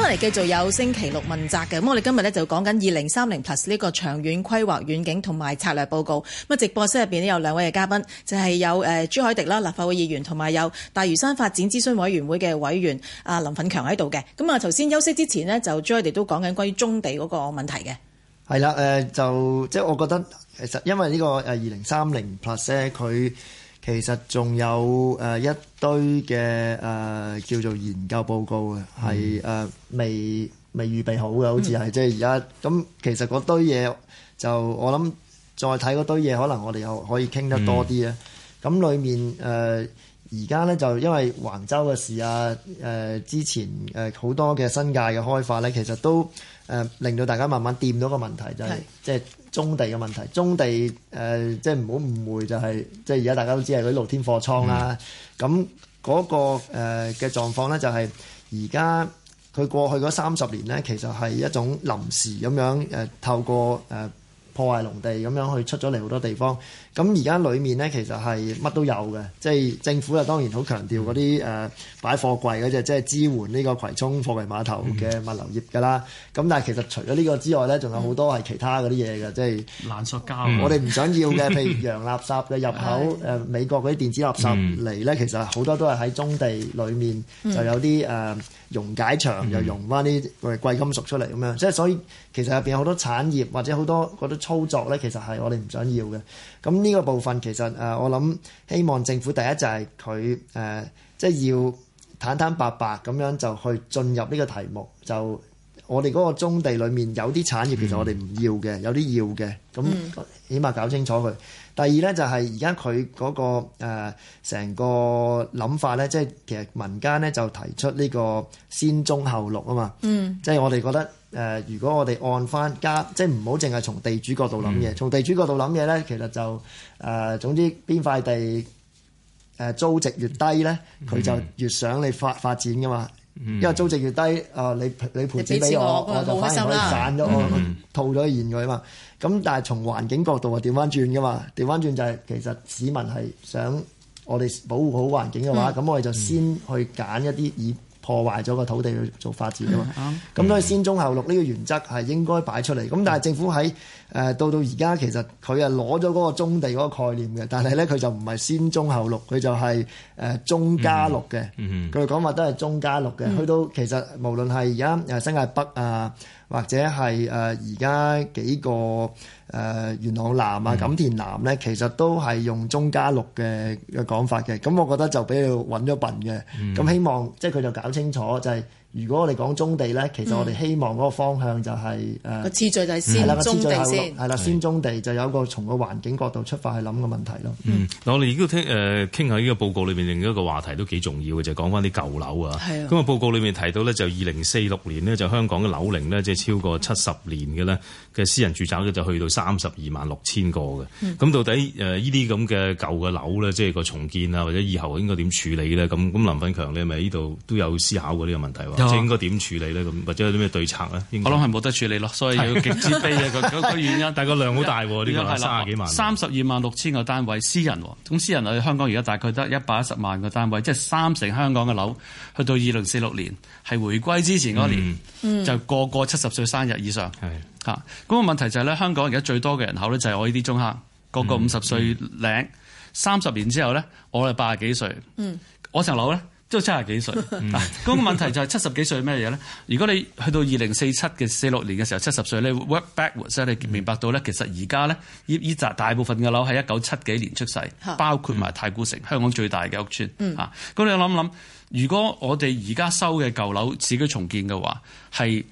嚟繼續有星期六問責嘅咁，我哋今日咧就講緊二零三零 plus 呢個長遠規劃遠景同埋策略報告。咁啊，直播室入邊咧有兩位嘅嘉賓，就係、是、有誒朱凱廸啦，立法會議員，同埋有大嶼山發展諮詢委員會嘅委員阿林奮強喺度嘅。咁啊，頭先休息之前呢，就朱凱廸都講緊關於中地嗰個問題嘅係啦。誒、呃，就即係我覺得其實因為呢個誒二零三零 plus 咧，佢。其實仲有誒一堆嘅誒、呃、叫做研究報告嘅，係誒、嗯呃、未未預備好嘅，好似係、嗯、即係而家咁。其實嗰堆嘢就我諗再睇嗰堆嘢，可能我哋又可以傾得多啲啊。咁、嗯、裡面誒而家咧就因為環州嘅事啊，誒、呃、之前誒好多嘅新界嘅開發咧，其實都誒、呃、令到大家慢慢掂到個問題，就係、是、是即係。棕地嘅問題，棕地誒、呃、即係唔好誤會，就係、係、即係而家大家都知係嗰啲露天貨倉啦。咁嗰、嗯嗰個嘅、呃、狀況咧，就係而家佢過去嗰三十年咧，其實係一種臨時咁樣誒、呃，透過誒、呃、破壞農地咁樣去出咗嚟好多地方。咁而家裡面呢，其實係乜都有嘅，即係政府啊，當然好強調嗰啲誒擺貨櫃嗰隻，即係支援呢個葵涌貨櫃碼頭嘅物流業噶啦。咁、嗯、但係其實除咗呢個之外呢，仲有好多係其他嗰啲嘢嘅，嗯、即係爛塑膠。我哋唔想要嘅，譬、嗯、如洋垃，垃圾嘅 入口，誒美國嗰啲電子垃圾嚟呢，嗯、其實好多都係喺棕地裡面就有啲誒溶解場，又溶翻啲貴金屬出嚟咁樣。即係所以其實入邊好多產業或者好多嗰啲操作呢，其實係我哋唔想要嘅。咁呢個部分其實誒，我諗希望政府第一就係佢誒，即係要坦坦白白咁樣就去進入呢個題目，就我哋嗰個棕地裡面有啲產業，其實我哋唔要嘅，嗯、有啲要嘅，咁起碼搞清楚佢。第二呢，就係而家佢嗰個成、呃、個諗法呢，即係其實民間呢就提出呢個先棕後綠啊嘛，嗯、即係我哋覺得。誒、呃，如果我哋按翻家，即係唔好淨係從地主角度諗嘢。嗯、從地主角度諗嘢咧，其實就誒、呃，總之邊塊地誒租值越低咧，佢就越想你發發展噶嘛。嗯、因為租值越低，啊、呃、你你賠錢俾我，我，我就反而可以賺咗、嗯、我，我、嗯嗯、套咗現佢啊嘛。咁但係從環境角度啊，調翻轉噶嘛，調翻轉就係其實市民係想我哋保護好環境嘅話，咁我哋就先去揀一啲以。嗯嗯破壞咗個土地去做發展啊嘛，咁所以先棕後綠呢個原則係應該擺出嚟。咁但係政府喺誒到到而家，其實佢係攞咗嗰個棕地嗰個概念嘅，但係咧佢就唔係先棕後綠，佢就係誒棕加綠嘅。佢嘅講法都係棕加綠嘅。去到其實無論係而家誒新界北啊，或者係誒而家幾個誒、啊、元朗南啊、mm hmm. 錦田南咧，其實都係用棕加綠嘅嘅講法嘅。咁我覺得就畀你揾咗笨嘅。咁、mm hmm. 希望即係佢就搞清楚就係、是。如果我哋講中地咧，其實我哋希望嗰個方向就係誒個次序就係先中地先，係啦、嗯，先中地就有個從個環境角度出發去諗嘅問題咯。嗯，嗱、嗯、我哋亦都聽誒傾、呃、下呢個報告裏面另一個話題都幾重要嘅，就係、是、講翻啲舊樓啊。係啦，咁啊報告裏面提到咧就二零四六年呢，就香港嘅樓齡咧即係超過七十年嘅咧嘅私人住宅咧就去到三十二萬六千個嘅。咁、嗯、到底誒依啲咁嘅舊嘅樓咧，即係個重建啊或者以後應該點處理咧？咁咁林奮強你咪呢度都有思考過呢個問題喎。應該點處理咧？咁或者有啲咩對策咧？我諗係冇得處理咯，所以要極之悲啊！嗰嗰個原因， 但係個量好大喎，呢個卅幾萬多，三十二萬六千個單位，私人同私人喺香港而家大概得一百一十萬個單位，即係三成香港嘅樓去到二零四六年係回歸之前嗰年，嗯、就個個七十歲生日以上，嚇的。嗰個問題就係、是、咧，香港而家最多嘅人口咧就係我呢啲中坑。個個五十歲領，三十、嗯嗯、年之後咧我哋八十幾歲，嗯、我層樓咧。即七廿幾歲，嗰個 問題就係七十幾歲係咩嘢咧？如果你去到二零四七嘅四六年嘅時候，七十歲咧，work backwards 咧你明白到咧，嗯、其實而家咧，依依扎大部分嘅樓係一九七幾年出世，包括埋太古城、嗯、香港最大嘅屋村嚇。咁、嗯、你諗諗？如果我哋而家收嘅舊樓市區重建嘅話，係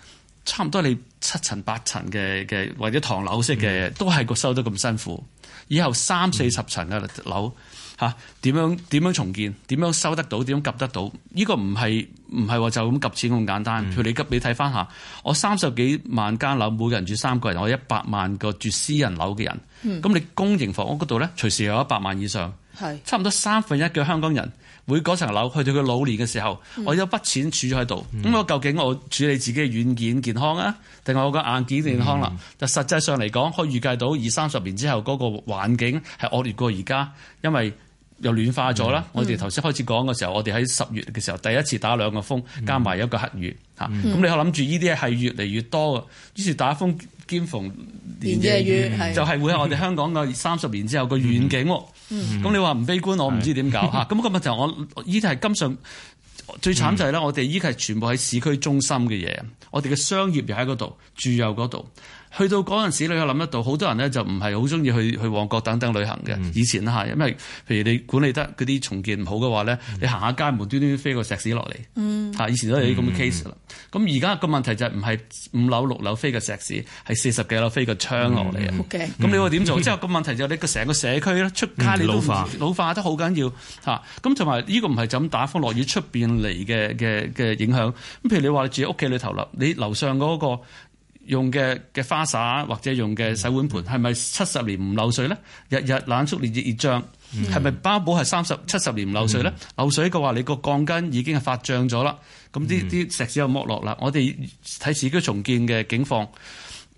差唔多你七層八層嘅嘅或者唐樓式嘅，嗯、都係個收得咁辛苦。以後三四十層嘅樓。嗯嚇點樣點樣重建？點樣收得到？點樣及得到？呢、這個唔係唔係話就咁及錢咁簡單。佢、嗯、你急，你睇翻下，我三十幾萬間樓，每人住三個人，我一百萬個住私人樓嘅人，咁、嗯、你公營房屋嗰度呢，隨時有一百萬以上，是差唔多三分一嘅香港人，每嗰層樓去到佢老年嘅時候，我有一筆錢儲咗喺度。咁我、嗯、究竟我處理自己嘅軟件健康啊，定係我個硬件健康啦？但、嗯、實際上嚟講，可以預計到二三十年之後嗰個環境係惡劣過而家，因為。又暖化咗啦！嗯、我哋頭先開始講嘅時候，我哋喺十月嘅時候第一次打兩個風，加埋一個黑雨嚇。咁、嗯嗯、你諗住依啲係越嚟越多嘅，於是打風兼逢連夜雨，嗯、就係會喺我哋香港嘅三十年之後個遠景喎。咁你話唔悲觀，我唔知點搞嚇。咁是個問題，我依啲係今上最慘就係咧，我哋依家係全部喺市區中心嘅嘢，我哋嘅商業又喺嗰度，住又喺嗰度。嗯嗯嗯去到嗰陣時，你又諗得到，好多人咧就唔係好中意去去旺角等等旅行嘅。以前啦因為譬如你管理得嗰啲重建唔好嘅話咧，你行下街，無端端飛個石屎落嚟。嚇、嗯，以前都有啲咁嘅 case 啦。咁而家個問題就唔係五樓六樓飛個石屎，係四十幾樓飛個窗落嚟啊。咁、嗯 okay，你會點做？之、嗯、後個問題就係你個成個社區咧出街你都、嗯、老化老化得好緊要嚇。咁同埋呢個唔係就咁打風落雨出邊嚟嘅嘅嘅影響。咁譬如你話你住喺屋企裏頭啦，你樓上嗰、那個。用嘅嘅花灑或者用嘅洗碗盆，係咪七十年唔漏水咧？日日冷縮連接熱脹，係咪包保係三十七十年唔漏水咧？漏、嗯、水嘅話，你個鋼筋已經係發脹咗啦，咁啲啲石屎又剝落啦。我哋睇市區重建嘅景況，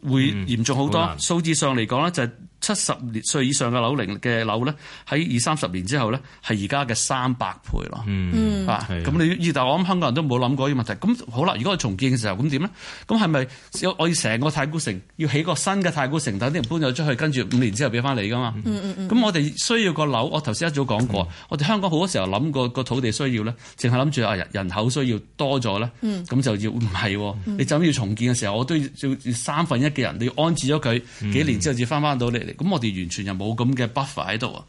會嚴重好多。嗯、數字上嚟講咧，就係七十年歲以上嘅樓齡嘅樓咧，喺二三十年之後咧，係而家嘅三百倍咯。嗯，吧嗯啊，咁你而但係我諗香港人都冇諗過呢個問題。咁好啦，如果我重建嘅時候，咁點咧？咁係咪我要成個太古城要起個新嘅太古城，等啲人搬咗出去，跟住五年之後俾翻你㗎嘛？咁、嗯嗯、我哋需要個樓，我頭先一早講過，嗯、我哋香港好多時候諗過個土地需要咧，淨係諗住啊人口需要多咗咧，咁、嗯、就要唔係？啊嗯、你就要重建嘅時候，我都要，要三分一嘅人你要安置咗佢，幾年之後至翻翻到你。咁我哋完全又冇咁嘅 buffer 喺度啊，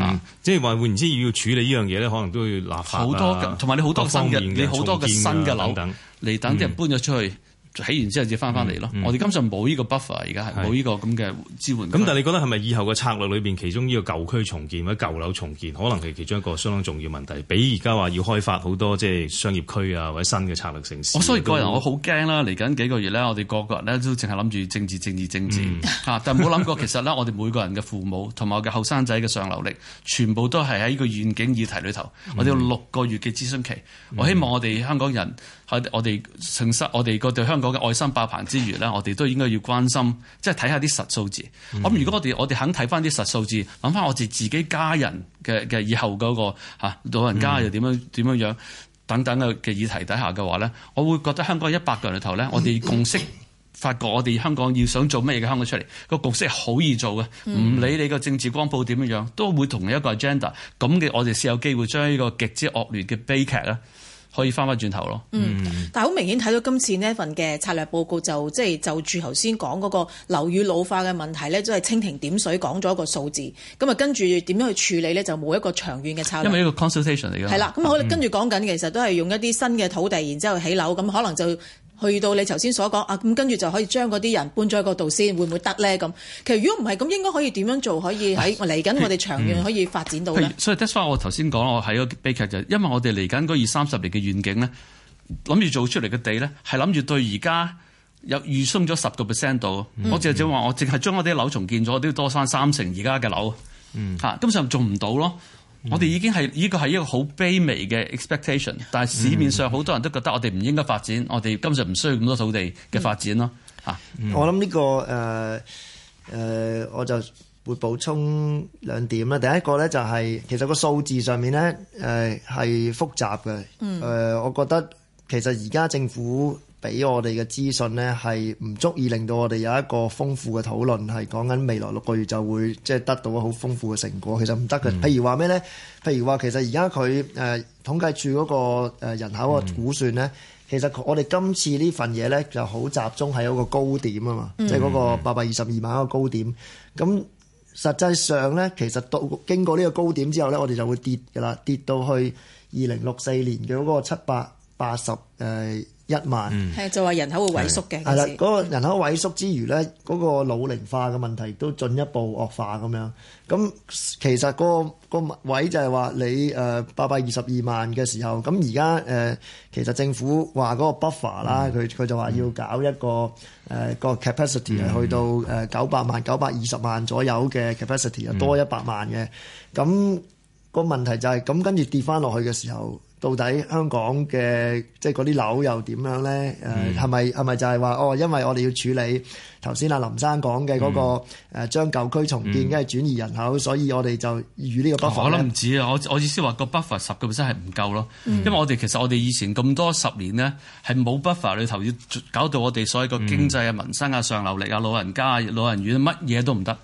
啊，即係話換言之，要處理呢樣嘢咧，可能都要立法啦，好多同埋你好多新嘅，你好多嘅新嘅樓，嚟等啲人搬咗出去。嗯起完之後再翻返嚟咯，嗯嗯、我哋今上冇呢個 buffer，而家係冇呢個咁嘅支援。咁是但係你覺得係咪以後嘅策略裏邊，其中呢個舊區重建或者舊樓重建，可能係其中一個相當重要問題，比而家話要開發好多即係商業區啊或者新嘅策略城市？我、嗯嗯、都所以個人都我好驚啦，嚟緊幾個月咧，我哋個個人咧都淨係諗住政治政治政治嚇，嗯、 但係冇諗過其實咧，我哋每個人嘅父母同埋我嘅後生仔嘅上流力，全部都係喺呢個遠景議題裏頭。嗯、我哋要六個月嘅諮詢期，嗯、我希望我哋香港人，我我哋成室，我哋個對香港。我嘅愛心爆棚之餘呢，我哋都應該要關心，即係睇下啲實數字。咁、嗯、如果我哋我哋肯睇翻啲實數字，諗翻我哋自己家人嘅嘅以後嗰、那個老人家又點樣點樣樣等等嘅嘅議題底下嘅話呢，我會覺得香港一百個人頭呢我哋共識、嗯、發覺我哋香港要想做咩嘅香港出嚟，個共識好易做嘅，唔理、嗯、你個政治光譜點樣樣，都會同一個 agenda。咁嘅我哋先有機會將呢個極之惡劣嘅悲劇咧。可以翻翻轉頭咯。嗯，但係好明顯睇到今次呢一份嘅策略報告就，就即係就住頭先講嗰個樓宇老化嘅問題咧，都係蜻蜓點水講咗一個數字。咁啊，跟住點樣去處理咧，就冇一個長遠嘅策略。因為一個 consultation 嚟嘅。係啦，咁啊、嗯，好啦，跟住講緊其實都係用一啲新嘅土地，然之後起樓，咁可能就。去到你頭先所講啊，咁跟住就可以將嗰啲人搬咗過度先，會唔會得咧？咁其實如果唔係咁，應該可以點樣做可以喺我嚟緊我哋長遠可以發展到咧、嗯。所以 that's why 我頭先講我喺個悲劇、就是，就因為我哋嚟緊嗰二三十年嘅願景咧，諗住做出嚟嘅地咧，係諗住對而家有預鬆咗十個 percent 度。嗯、我正正話我淨係將嗰啲樓重建咗都要多翻三成而家嘅樓，嚇根、嗯啊、本上做唔到咯。我哋已經係呢個係一個好卑微嘅 expectation，但係市面上好多人都覺得我哋唔應該發展，我哋今日唔需要咁多土地嘅發展咯。嗯、啊，嗯、我諗呢、呢個誒誒、呃，我就會補充兩點啦。第一個咧就係、係、其實個數字上面咧誒係複雜嘅。誒、嗯呃，我覺得其實而家政府俾我哋嘅資訊呢，係唔足以令到我哋有一個豐富嘅討論，係講緊未來六個月就會即係得到好豐富嘅成果。其實唔得嘅，嗯、譬如話咩呢？譬如話，其實而家佢誒統計處嗰個人口嘅估算呢，嗯、其實我哋今次呢份嘢呢，就好集中係有個高點啊嘛，即係嗰個八百二十二萬一個高點。咁、嗯、實際上呢，其實到經過呢個高點之後呢，我哋就會跌噶啦，跌到去二零六四年嘅嗰個七百八十誒一萬係就話人口會萎縮嘅，係啦。嗰個人口萎縮之餘咧，嗰、嗰個老齡化嘅問題都進一步惡化咁樣。咁其實個個位就係話你誒八百二十二萬嘅時候，咁而家誒其實政府話嗰個 buffer 啦、嗯，佢佢就話要搞一個誒、嗯呃個 capacity 係去到誒九百萬、九百二十萬左右嘅 capacity，又、嗯、多一百萬嘅。咁、個問題就係咁跟住跌翻落去嘅時候。到底香港嘅即係嗰啲樓又點樣咧？誒係咪係咪就係話哦？因為我哋要處理頭先阿林生講嘅嗰個誒、嗯、將舊區重建，梗係、嗯、轉移人口，所以我哋就預呢個 buffer 咧。我諗唔止啊！我我意思話個 buffer 十個 percent 係唔夠咯，嗯、因為我哋其實我哋以前咁多十年呢，係冇 buffer 裏頭，要搞到我哋所有個經濟啊、民生啊、上流力啊、老人家啊、老人院乜嘢都唔得。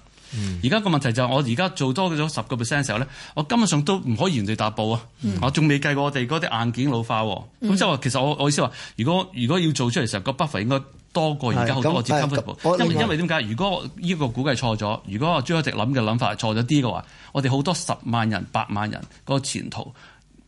而家個問題就係我而家做多咗十個 percent 時候咧，我根本上都唔可以原地踏步啊！ 我仲未計過我哋嗰啲硬件老化喎。咁即係話， 嗯、其實我我意思話，如果如果要做出嚟時候，個 buffer 應該多過而家好多次金分部。因因為點解外？如果呢個估計錯咗，如果我張一直諗嘅諗法係錯咗啲嘅話，我哋好多十萬人、八萬人個前途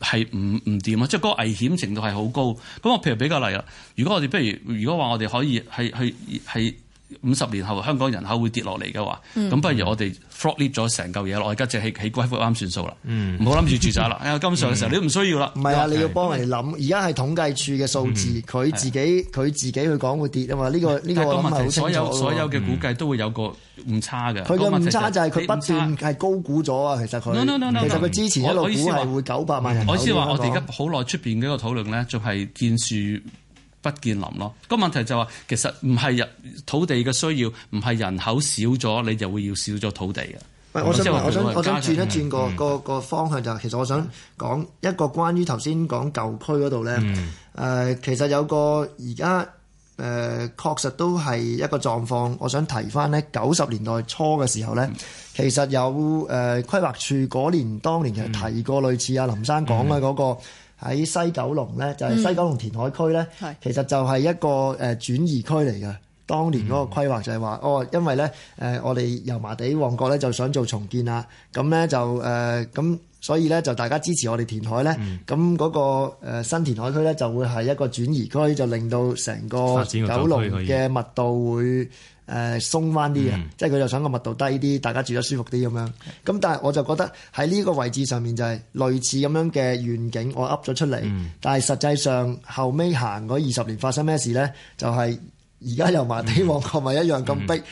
係唔唔掂啊。即係嗰個危險程度係好高。咁我譬如比較例啊，如果我哋不如如果話我哋可以係係係。五十年後香港人口會跌落嚟嘅話，咁不如我哋 fold lead 咗成嚿嘢落我而家只起起貴幅啱算數啦。唔好諗住住宅啦，啊，今上嘅時候你唔需要啦。唔係啊，你要幫人哋諗。而家係統計處嘅數字，佢自己佢自己去講會跌啊嘛。呢個呢個我係好清楚。所有所有嘅估計都會有個誤差嘅。佢嘅誤差就係佢不斷係高估咗啊。其實佢，其實佢之前一路估係會九百萬人。我意思話我哋而家好耐出邊嘅一個討論咧，仲係建樹，不見林咯，個問題就係話其實唔係人土地嘅需要，唔係人口少咗你就會要少咗土地嘅。我想，我，我，想我想轉一轉個、嗯、個個方向就係、是、其實我想講一個關於頭先講舊區嗰度咧，誒、嗯呃、其實有個而家誒確實都係一個狀況。我想提翻咧九十年代初嘅時候咧，嗯、其實有誒、呃、規劃處嗰年當年其實提過類似阿林生講嘅嗰個。嗯嗯喺西九龍咧，就係、是、西九龍填海區咧，嗯、其實就係一個誒轉移區嚟嘅。當年嗰個規劃就係話，嗯、哦，因為咧誒我哋油麻地旺角咧就想做重建啊，咁咧就誒咁、呃，所以咧就大家支持我哋填海咧，咁嗰、嗯、個新填海區咧就會係一個轉移區，就令到成個九龍嘅密度會誒、呃、鬆翻啲嘅，嗯、即係佢就想個密度低啲，大家住得舒服啲咁樣。咁但係我就覺得喺呢個位置上面就係類似咁樣嘅願景，我噏咗出嚟。嗯、但係實際上後尾行嗰二十年發生咩事咧？就係而家油麻地旺角咪一樣咁逼，嗯、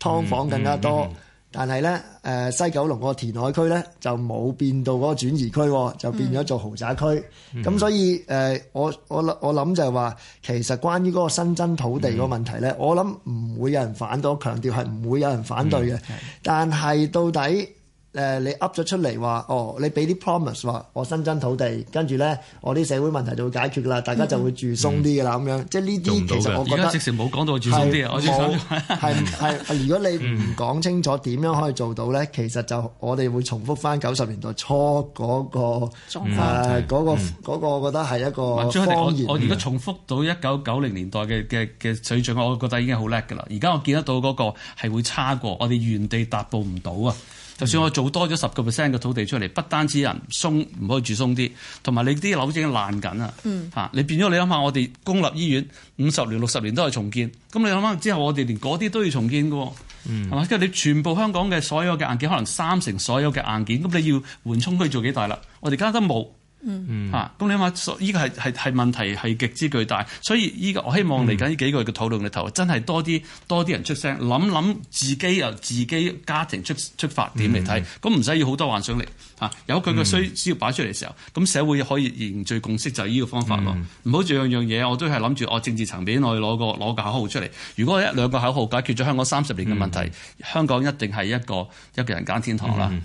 劏房更加多。嗯嗯嗯嗯嗯但係咧，誒、呃、西九龍個填海區咧就冇變到嗰個轉移區，就變咗做豪宅區。咁、嗯、所以誒、呃，我我我諗就係話，其實關於嗰個新增土地個問題咧，嗯、我諗唔會有人反對，強調係唔會有人反對嘅。嗯、但係到底？誒、呃，你噏咗出嚟話哦，你俾啲 promise 話我新增土地，跟住咧我啲社會問題就會解決啦，大家就會住鬆啲噶啦，咁、嗯、樣即係呢啲。其實我覺得即時冇講到住鬆啲啊，冇係係係。如果你唔講清楚點樣可以做到咧，嗯、其實就我哋會重複翻九十年代初嗰、那個誒嗰個我覺得係一個方言、嗯。我而家重複到一九九零年代嘅嘅嘅水準，我覺得已經好叻噶啦。而家我見得到嗰個係會差過我哋原地踏步唔到啊。就算我做多咗十個 percent 嘅土地出嚟，不單止人鬆唔可以住鬆啲，同埋你啲樓已經爛緊啦嚇，你變咗你諗下，我哋公立醫院五十年、六十年都係重建，咁你諗下之後我哋連嗰啲都要重建嘅喎，係嘛、嗯？即係你全部香港嘅所有嘅硬件，可能三成所有嘅硬件，咁你要緩衝區做幾大啦？我哋而家都冇。嗯，嚇，咁你話依個係係係問題係極之巨大，所以依個我希望嚟緊呢幾個月嘅討論裏頭，嗯、真係多啲多啲人出聲，諗諗自己由自己家庭出出發點嚟睇，咁唔使要好多幻想力嚇、啊，有佢嘅需需要擺出嚟嘅時候，咁、嗯、社會可以凝聚共識就係依個方法咯，唔好做樣樣嘢，我都係諗住我政治層面我要，我攞個攞個口號出嚟，如果一兩個口號解決咗香港三十年嘅問題，嗯嗯、香港一定係一個一個人間天堂啦。嗯嗯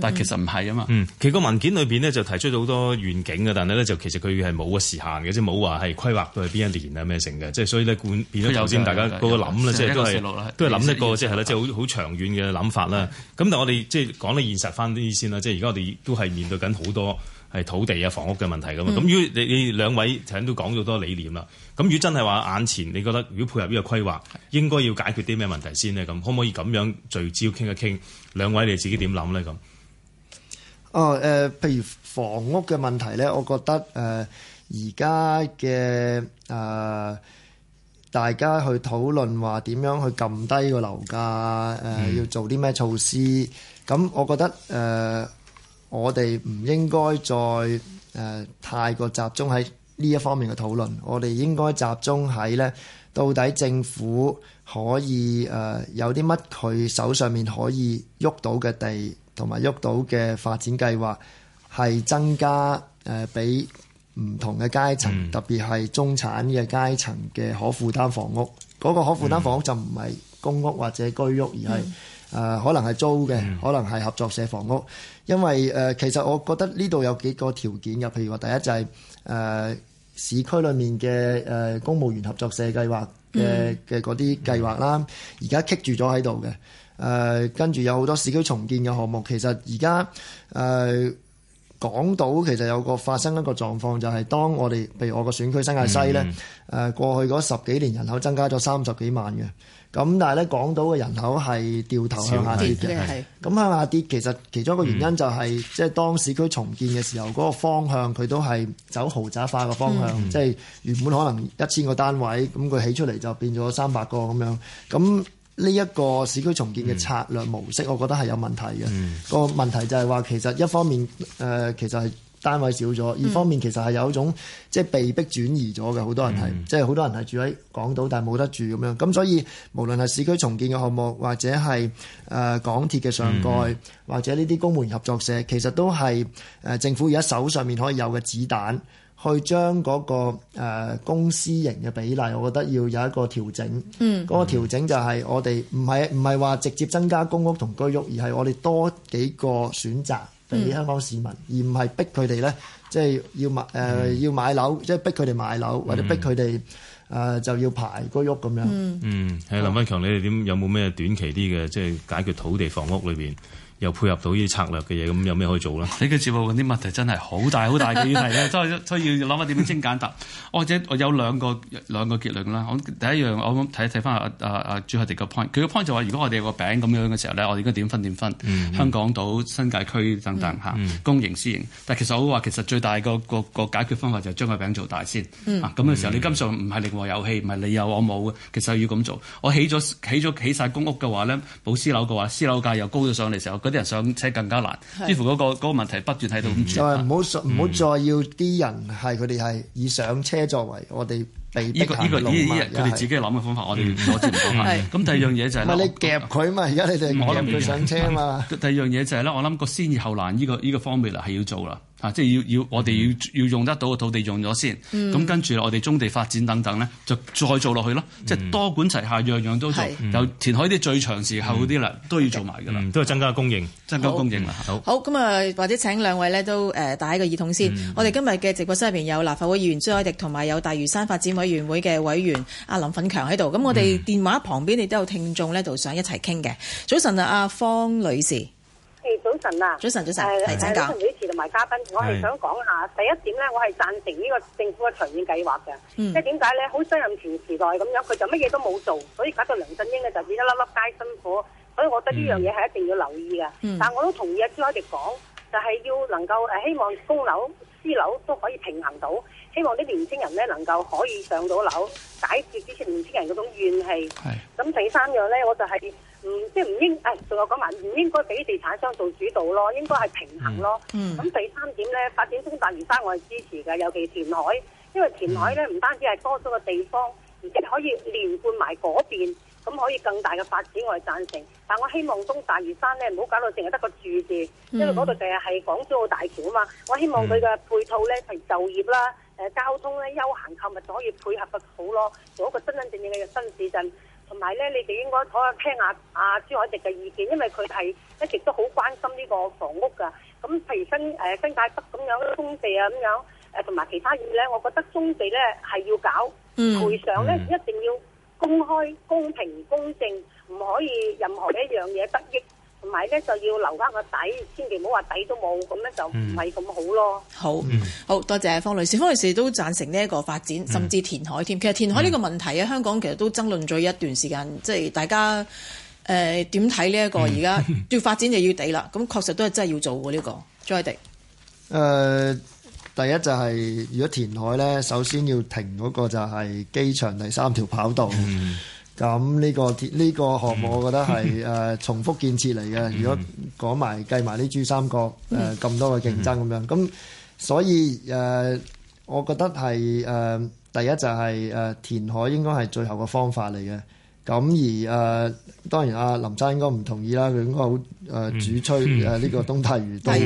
但係其實唔係啊嘛。嗯，其實個文件裏邊咧就提出咗好多願景嘅，但係咧就其實佢係冇個時限嘅，即係冇話係規劃到係邊一年啊咩成嘅。即係所以咧變咗頭先大家嗰個諗啦，即係都係都係諗一個即係咧，即係好好長遠嘅諗法啦。咁但係我哋即係講到現實返啲先啦。即係而家我哋都係面對緊好多。係土地啊、房屋嘅問題噶嘛？咁、嗯、如果你你兩位請都講咗多理念啦。咁如果真係話眼前，你覺得如果配合呢個規劃，應該要解決啲咩問題先呢？咁可唔可以咁樣聚焦傾一傾？兩位你自己點諗咧？咁、嗯、哦，誒、呃，譬如房屋嘅問題咧，我覺得誒，而家嘅誒，大家去討論話點樣去撳低個樓價誒、呃，要做啲咩措施？咁、嗯、我覺得誒。呃我哋唔應該再誒、呃、太過集中喺呢一方面嘅討論，我哋應該集中喺呢：到底政府可以誒、呃、有啲乜佢手上面可以喐到嘅地，同埋喐到嘅發展計劃，係增加誒俾唔同嘅階層，嗯、特別係中產嘅階層嘅可負擔房屋。嗰、那個可負擔房屋就唔係，公屋或者居屋，而係誒可能係租嘅，可能係、嗯、合作社房屋，因為誒、呃、其實我覺得呢度有幾個條件嘅，譬如話第一就係、是、誒、呃、市區裏面嘅誒、呃、公務員合作社計劃嘅嘅嗰啲計劃啦。而家棘住咗喺度嘅誒，跟、呃、住有好多市區重建嘅項目。其實而家誒港島其實有個發生一個狀況，就係、是、當我哋譬如我個選區新界西咧誒，嗯、過去嗰十幾年人口增加咗三十幾萬嘅。咁但係咧，港島嘅人口係掉頭向下跌嘅。咁向下跌，其實其中一個原因就係即係當市區重建嘅時候，嗰、那個方向佢都係走豪宅化嘅方向，即係、嗯、原本可能一千個單位，咁佢起出嚟就變咗三百個咁樣。咁呢一個市區重建嘅策略模式，我覺得係有問題嘅。嗯、個問題就係話其實一方面誒、呃，其實係。單位少咗，二方面其實係有一種即係被逼轉移咗嘅，好多人係、嗯、即係好多人係住喺港島，但係冇得住咁樣。咁所以無論係市區重建嘅項目，或者係誒、呃、港鐵嘅上蓋，嗯、或者呢啲公務員合作社，其實都係誒、呃、政府而家手上面可以有嘅子彈，去將嗰、嗰個、呃、公私型嘅比例，我覺得要有一個調整。嗰、嗯、個調整就係我哋唔係唔係話直接增加公屋同居屋，而係我哋多幾個選擇。俾香港市民，而唔係逼佢哋咧，即係要買誒、呃，要買樓，即係逼佢哋買樓，或者逼佢哋誒，就要排個屋咁樣嗯。嗯，係、嗯嗯嗯、林奮強，你哋點有冇咩短期啲嘅，即係解決土地房屋裏邊。又配合到呢啲策略嘅嘢，咁有咩可以做咧？你嘅政府揾啲問題真係好大好大嘅議題咧，所以所以要諗下點樣精簡答。我者 我有兩個兩個結論啦。我第一樣我睇睇翻阿阿阿朱凱廸嘅 point，佢嘅 point 就話如果我哋有個餅咁樣嘅時候咧，我哋應該點分點分？嗯、香港島新界區等等嚇，公營、嗯、私營。但其實我話其實最大個個個解決方法就係將個餅做大先。嗯嗯啊咁嘅時候，你根本上唔係另外遊戲，唔係你有我冇其實要咁做，我起咗起咗起曬公屋嘅話咧，保私樓嘅話，私樓價又高咗上嚟時候，啲人上車更加難，似乎嗰個嗰個問題不斷喺度咁。就係唔好唔好再要啲人係佢哋係以上車作為我哋避。依、這個依、這個依依、這個、人佢哋是自己諗嘅方法，嗯、我哋攞住唔好賣。咁、嗯嗯、第二樣嘢就係、是、咧，嗯、你夾佢嘛？而家、嗯、你哋攞住佢上車嘛？嗯、第二樣嘢就係、是、咧，我諗、這個先易後難呢個依個方面啦，係要做啦。啊、即係要要，我哋、嗯、要要用得到嘅土地用咗先。咁、嗯、跟住我哋棕地發展等等咧，就再做落去咯。嗯、即係多管齊下，樣樣都做。有填、嗯、海啲最長時候啲啦，嗯、都要做埋噶啦，都係增加供應，增加供應。好好咁啊，或者請兩位咧都誒、呃、戴一個耳筒先。嗯、我哋今日嘅直播室入面有立法會議員朱凱廸，同埋有，有大嶼山發展委員會嘅委員阿林奮強喺度。咁我哋電話旁邊你都有聽眾咧，度想一齊傾嘅。早晨啊，阿方女士。誒，早晨啊！早晨，早晨，誒、呃，假早晨，主持同埋嘉賓，我係想講下第一點咧，我係贊成呢個政府嘅長遠計劃嘅。即係點解咧？好信任前時代咁樣，佢就乜嘢都冇做，所以搞到梁振英咧就只一粒粒皆辛苦。所以我覺得呢樣嘢係一定要留意嘅。嗯、但係我都同意阿朱凱廸講，就係、是、要能夠誒，希望公樓私樓都可以平衡到，希望啲年輕人咧能夠可以上到樓，解決之前年輕人嗰種怨氣。係的。咁第三樣咧，我就係。 唔即係唔應，誒仲、嗯嗯、有講埋唔應該俾地產商做主導咯，應該係平衡咯。咁第三點咧，發展東大嶼山我係支持嘅，尤其填海，因為填海咧唔單止係多咗個地方，而且可以連貫埋嗰邊，咁可以更大嘅發展我係贊成。但我希望東大嶼山咧唔好搞到淨係得個住字，因為嗰度成日係港珠澳大橋啊嘛。我希望佢嘅配套咧，譬如就業啦、誒、呃、交通咧、休閒購物都可以配合得好咯，做一個真真正正嘅新市鎮。係咧，你哋應該可以聽下阿朱凱廸嘅意見，因為佢係一直都好關心呢個房屋㗎。咁譬如新誒新界北咁樣嘅宗地啊，咁樣誒同埋其他嘢咧，我覺得宗地咧係要搞，賠償咧一定要公開、公平、公正，唔可以任何一樣嘢得益。同埋咧就要留翻個底，千祈唔好話底都冇，咁咧就唔係咁好咯。好，好多謝方女士，方女士都贊成呢一個發展，嗯、甚至填海添。其實填海呢個問題啊，嗯、香港其實都爭論咗一段時間，即係大家誒點睇呢一個而家要發展就要地啦。咁 確實都係真係要做嘅呢、呢個。凱廸，誒、呃，第一就係、係、如果填海咧，首先要停嗰個就係機場第三條跑道。嗯咁呢個呢個項目，我覺得係誒重複建設嚟嘅。如果講埋計埋呢，珠三角誒咁多嘅競爭咁樣，咁所以誒，我覺得係誒第一就係誒呃填海應該係最後嘅方法嚟嘅。咁而誒當然阿林生應該唔同意啦，佢應該好誒主吹誒呢個東大嶼都會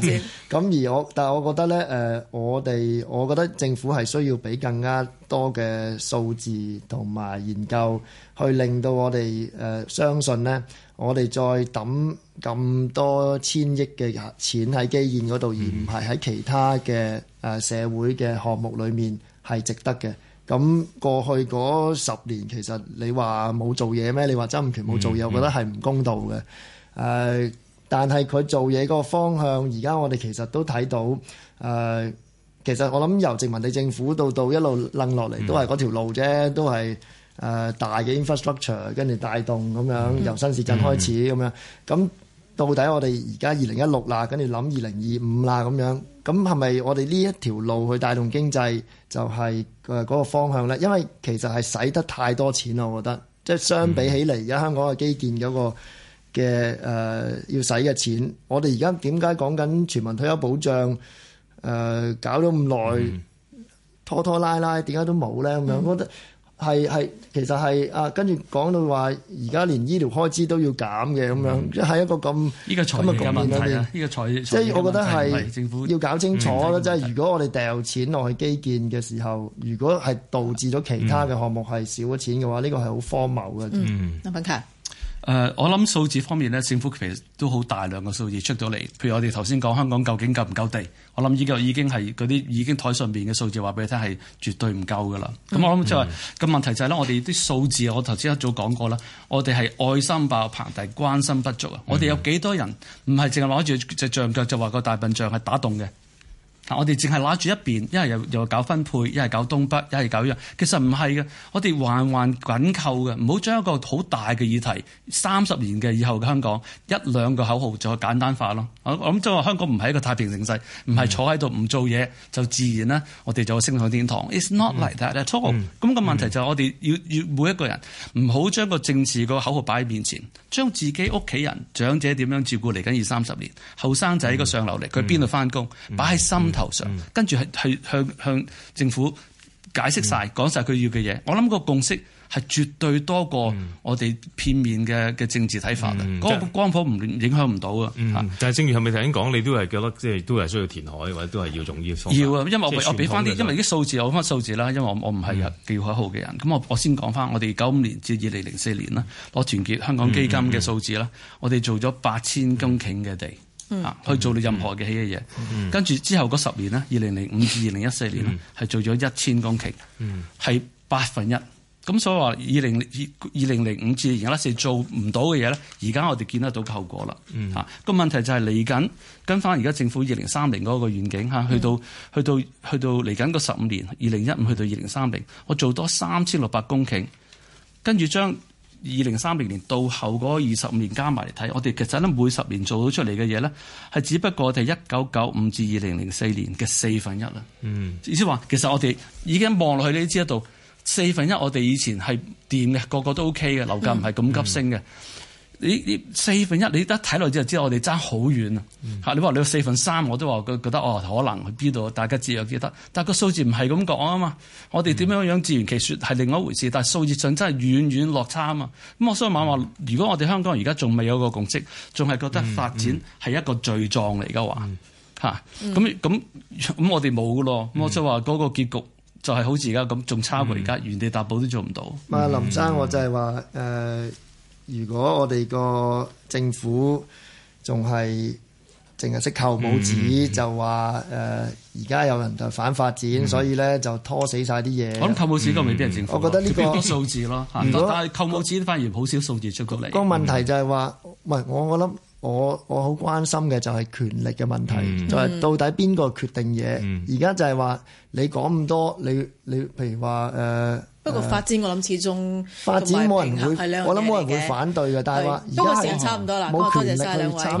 嘅，咁而我， 但係我覺得咧誒，我哋我覺得政府係需要俾更加多嘅數字同埋研究，去令到我哋誒相信咧，我哋再抌咁多千億嘅錢喺基建嗰度，而唔係喺其他嘅誒社會嘅項目裏面係值得嘅。咁過去嗰十年其實你話冇做嘢咩？你話曾蔭權冇做嘢，我覺得係唔公道嘅。誒，但係佢做嘢個方向，而家我哋其實都睇到誒。其實我諗由殖民地政府到到一路楞落嚟，都係嗰條路啫，都係誒大嘅 infrastructure 跟住帶動咁樣，由新市鎮開始咁樣咁。到底我哋而家二零一六啦，跟住諗二零二五啦咁樣，咁係咪我哋呢一條路去帶動經濟就係誒嗰個方向咧？因為其實係使得，得太多錢啦，我覺得即係相比起嚟，而家香港嘅基建嗰個嘅誒、呃、要使嘅錢，我哋而家點解講緊全民退休保障誒、呃、搞咗咁耐拖拖拉拉，點解都冇咧？咁樣、嗯，我覺得。係係，其實係啊，跟住講到話，而家連醫療開支都要減嘅咁樣，即係一個咁咁嘅局面裏面。呢個財，即係我覺得係要搞清楚啦。嗯、即係如果我哋掉錢落去基建嘅時候，如果係導致咗其他嘅項目係少咗錢嘅話，呢個係好荒謬嘅。嗯。誒、呃，我諗數字方面咧，政府其實都好大量嘅數字出到嚟。譬如我哋頭先講香港究竟夠唔夠地，我諗依個已經係嗰啲已經台上面嘅數字話俾你聽，係絕對唔夠噶啦。咁、嗯嗯、我諗就係個問題就係咧，我哋啲數字，我頭先一早講過啦，我哋係愛心爆棚，但係關心不足啊。我哋有幾多人唔係淨係攞住隻象腳就話個大笨象係打動嘅？我哋淨係攞住一邊，一係又又搞分配，一係搞東北，一係搞依樣，其實唔係嘅，我哋環環緊扣嘅，唔好將一個好大嘅議題，三十年嘅以後嘅香港，一兩個口號就簡單化咯。我我即係話香港唔係一個太平盛世，唔係、嗯、坐喺度唔做嘢就自然咧，我哋就會升上天堂。It's not like that at all。咁個問題就係我哋要要每一個人唔好將個政治個口號擺喺面前。將自己屋企人長者點樣照顧嚟緊二三十年，後生仔個上流嚟，佢邊度翻工，擺喺、嗯、心頭上，嗯嗯、跟住係去向向政府解釋晒、講晒佢要嘅嘢。我諗個共識。係絕對多過我哋片面嘅嘅政治睇法啊！嗰光譜唔影響唔到啊。嚇。是的 但正如係咪頭先講，你都係覺得即係都係需要填海，或者都係要重要數要啊，因為我我俾翻啲，因為啲數字我有翻數字啦。因為我我唔係入填海號嘅人，咁我、嗯、我先講翻我哋九五年至二零零四年啦，攞團結香港基金嘅數字啦，嗯、我哋做咗八千公頃嘅地啊，去、嗯嗯、做了任何嘅起嘅嘢、嗯嗯。跟住之後嗰十年啦，二零零五至二零一四年咧，係做咗一千公頃，係百分一。咁所以話，二零二二零零五至而家零四做唔到嘅嘢咧，而家我哋見得到後果啦。嚇個、嗯、問題就係嚟緊跟翻而家政府二零三零嗰個願景嚇、嗯，去到去到去到嚟緊嗰十五年，二零一五去到二零三零，30，嗯、我做多三千六百公頃，跟住將二零三零年到後嗰二十五年加埋嚟睇，我哋其實咧每十年做到出嚟嘅嘢咧，係只不過係一九九五至二零零四年嘅四分一啦。嗯，意思話、就是、其實我哋已經望落去，你知得到。四分一我哋以前係掂嘅，個個都 OK 嘅，樓價唔係咁急升嘅，嗯。你，嗯，你，你四分一你一睇落之後就知我哋爭好遠啊！嚇，你話你有四分三我都話覺覺得哦可能去邊度？大家自有記得，但個數字唔係咁講啊嘛。我哋點樣樣自圓其説係另外一回事，但數字上真係遠遠落差啊嘛。咁我上晚話，如果我哋香港人而家仲未有個共識，仲係覺得發展係一個罪狀嚟嘅話，嚇，咁咁咁我哋冇咯。我即係話嗰個結局。就係好似而家咁，仲差過而家原地踏步都做唔到。嘛、嗯，林生我就係話誒，如果我哋個政府仲係淨係識扣帽子，嗯、就話誒而家有人就反發展，嗯、所以咧就拖死晒啲嘢。講扣帽子都未必係政府、嗯，我覺得呢、呢個數字咯。果但係扣帽子反而好少數字出過嚟。個問題就係話，唔係、嗯、我我諗。我我好關心嘅就係權力嘅問題，嗯、就係到底邊個決定嘢？而家、嗯、就係話你講咁多，你你譬如話誒、呃、不過發展我諗始終發展冇人會，我諗冇人會反對嘅，但係話而家係冇權力，差唔多啦。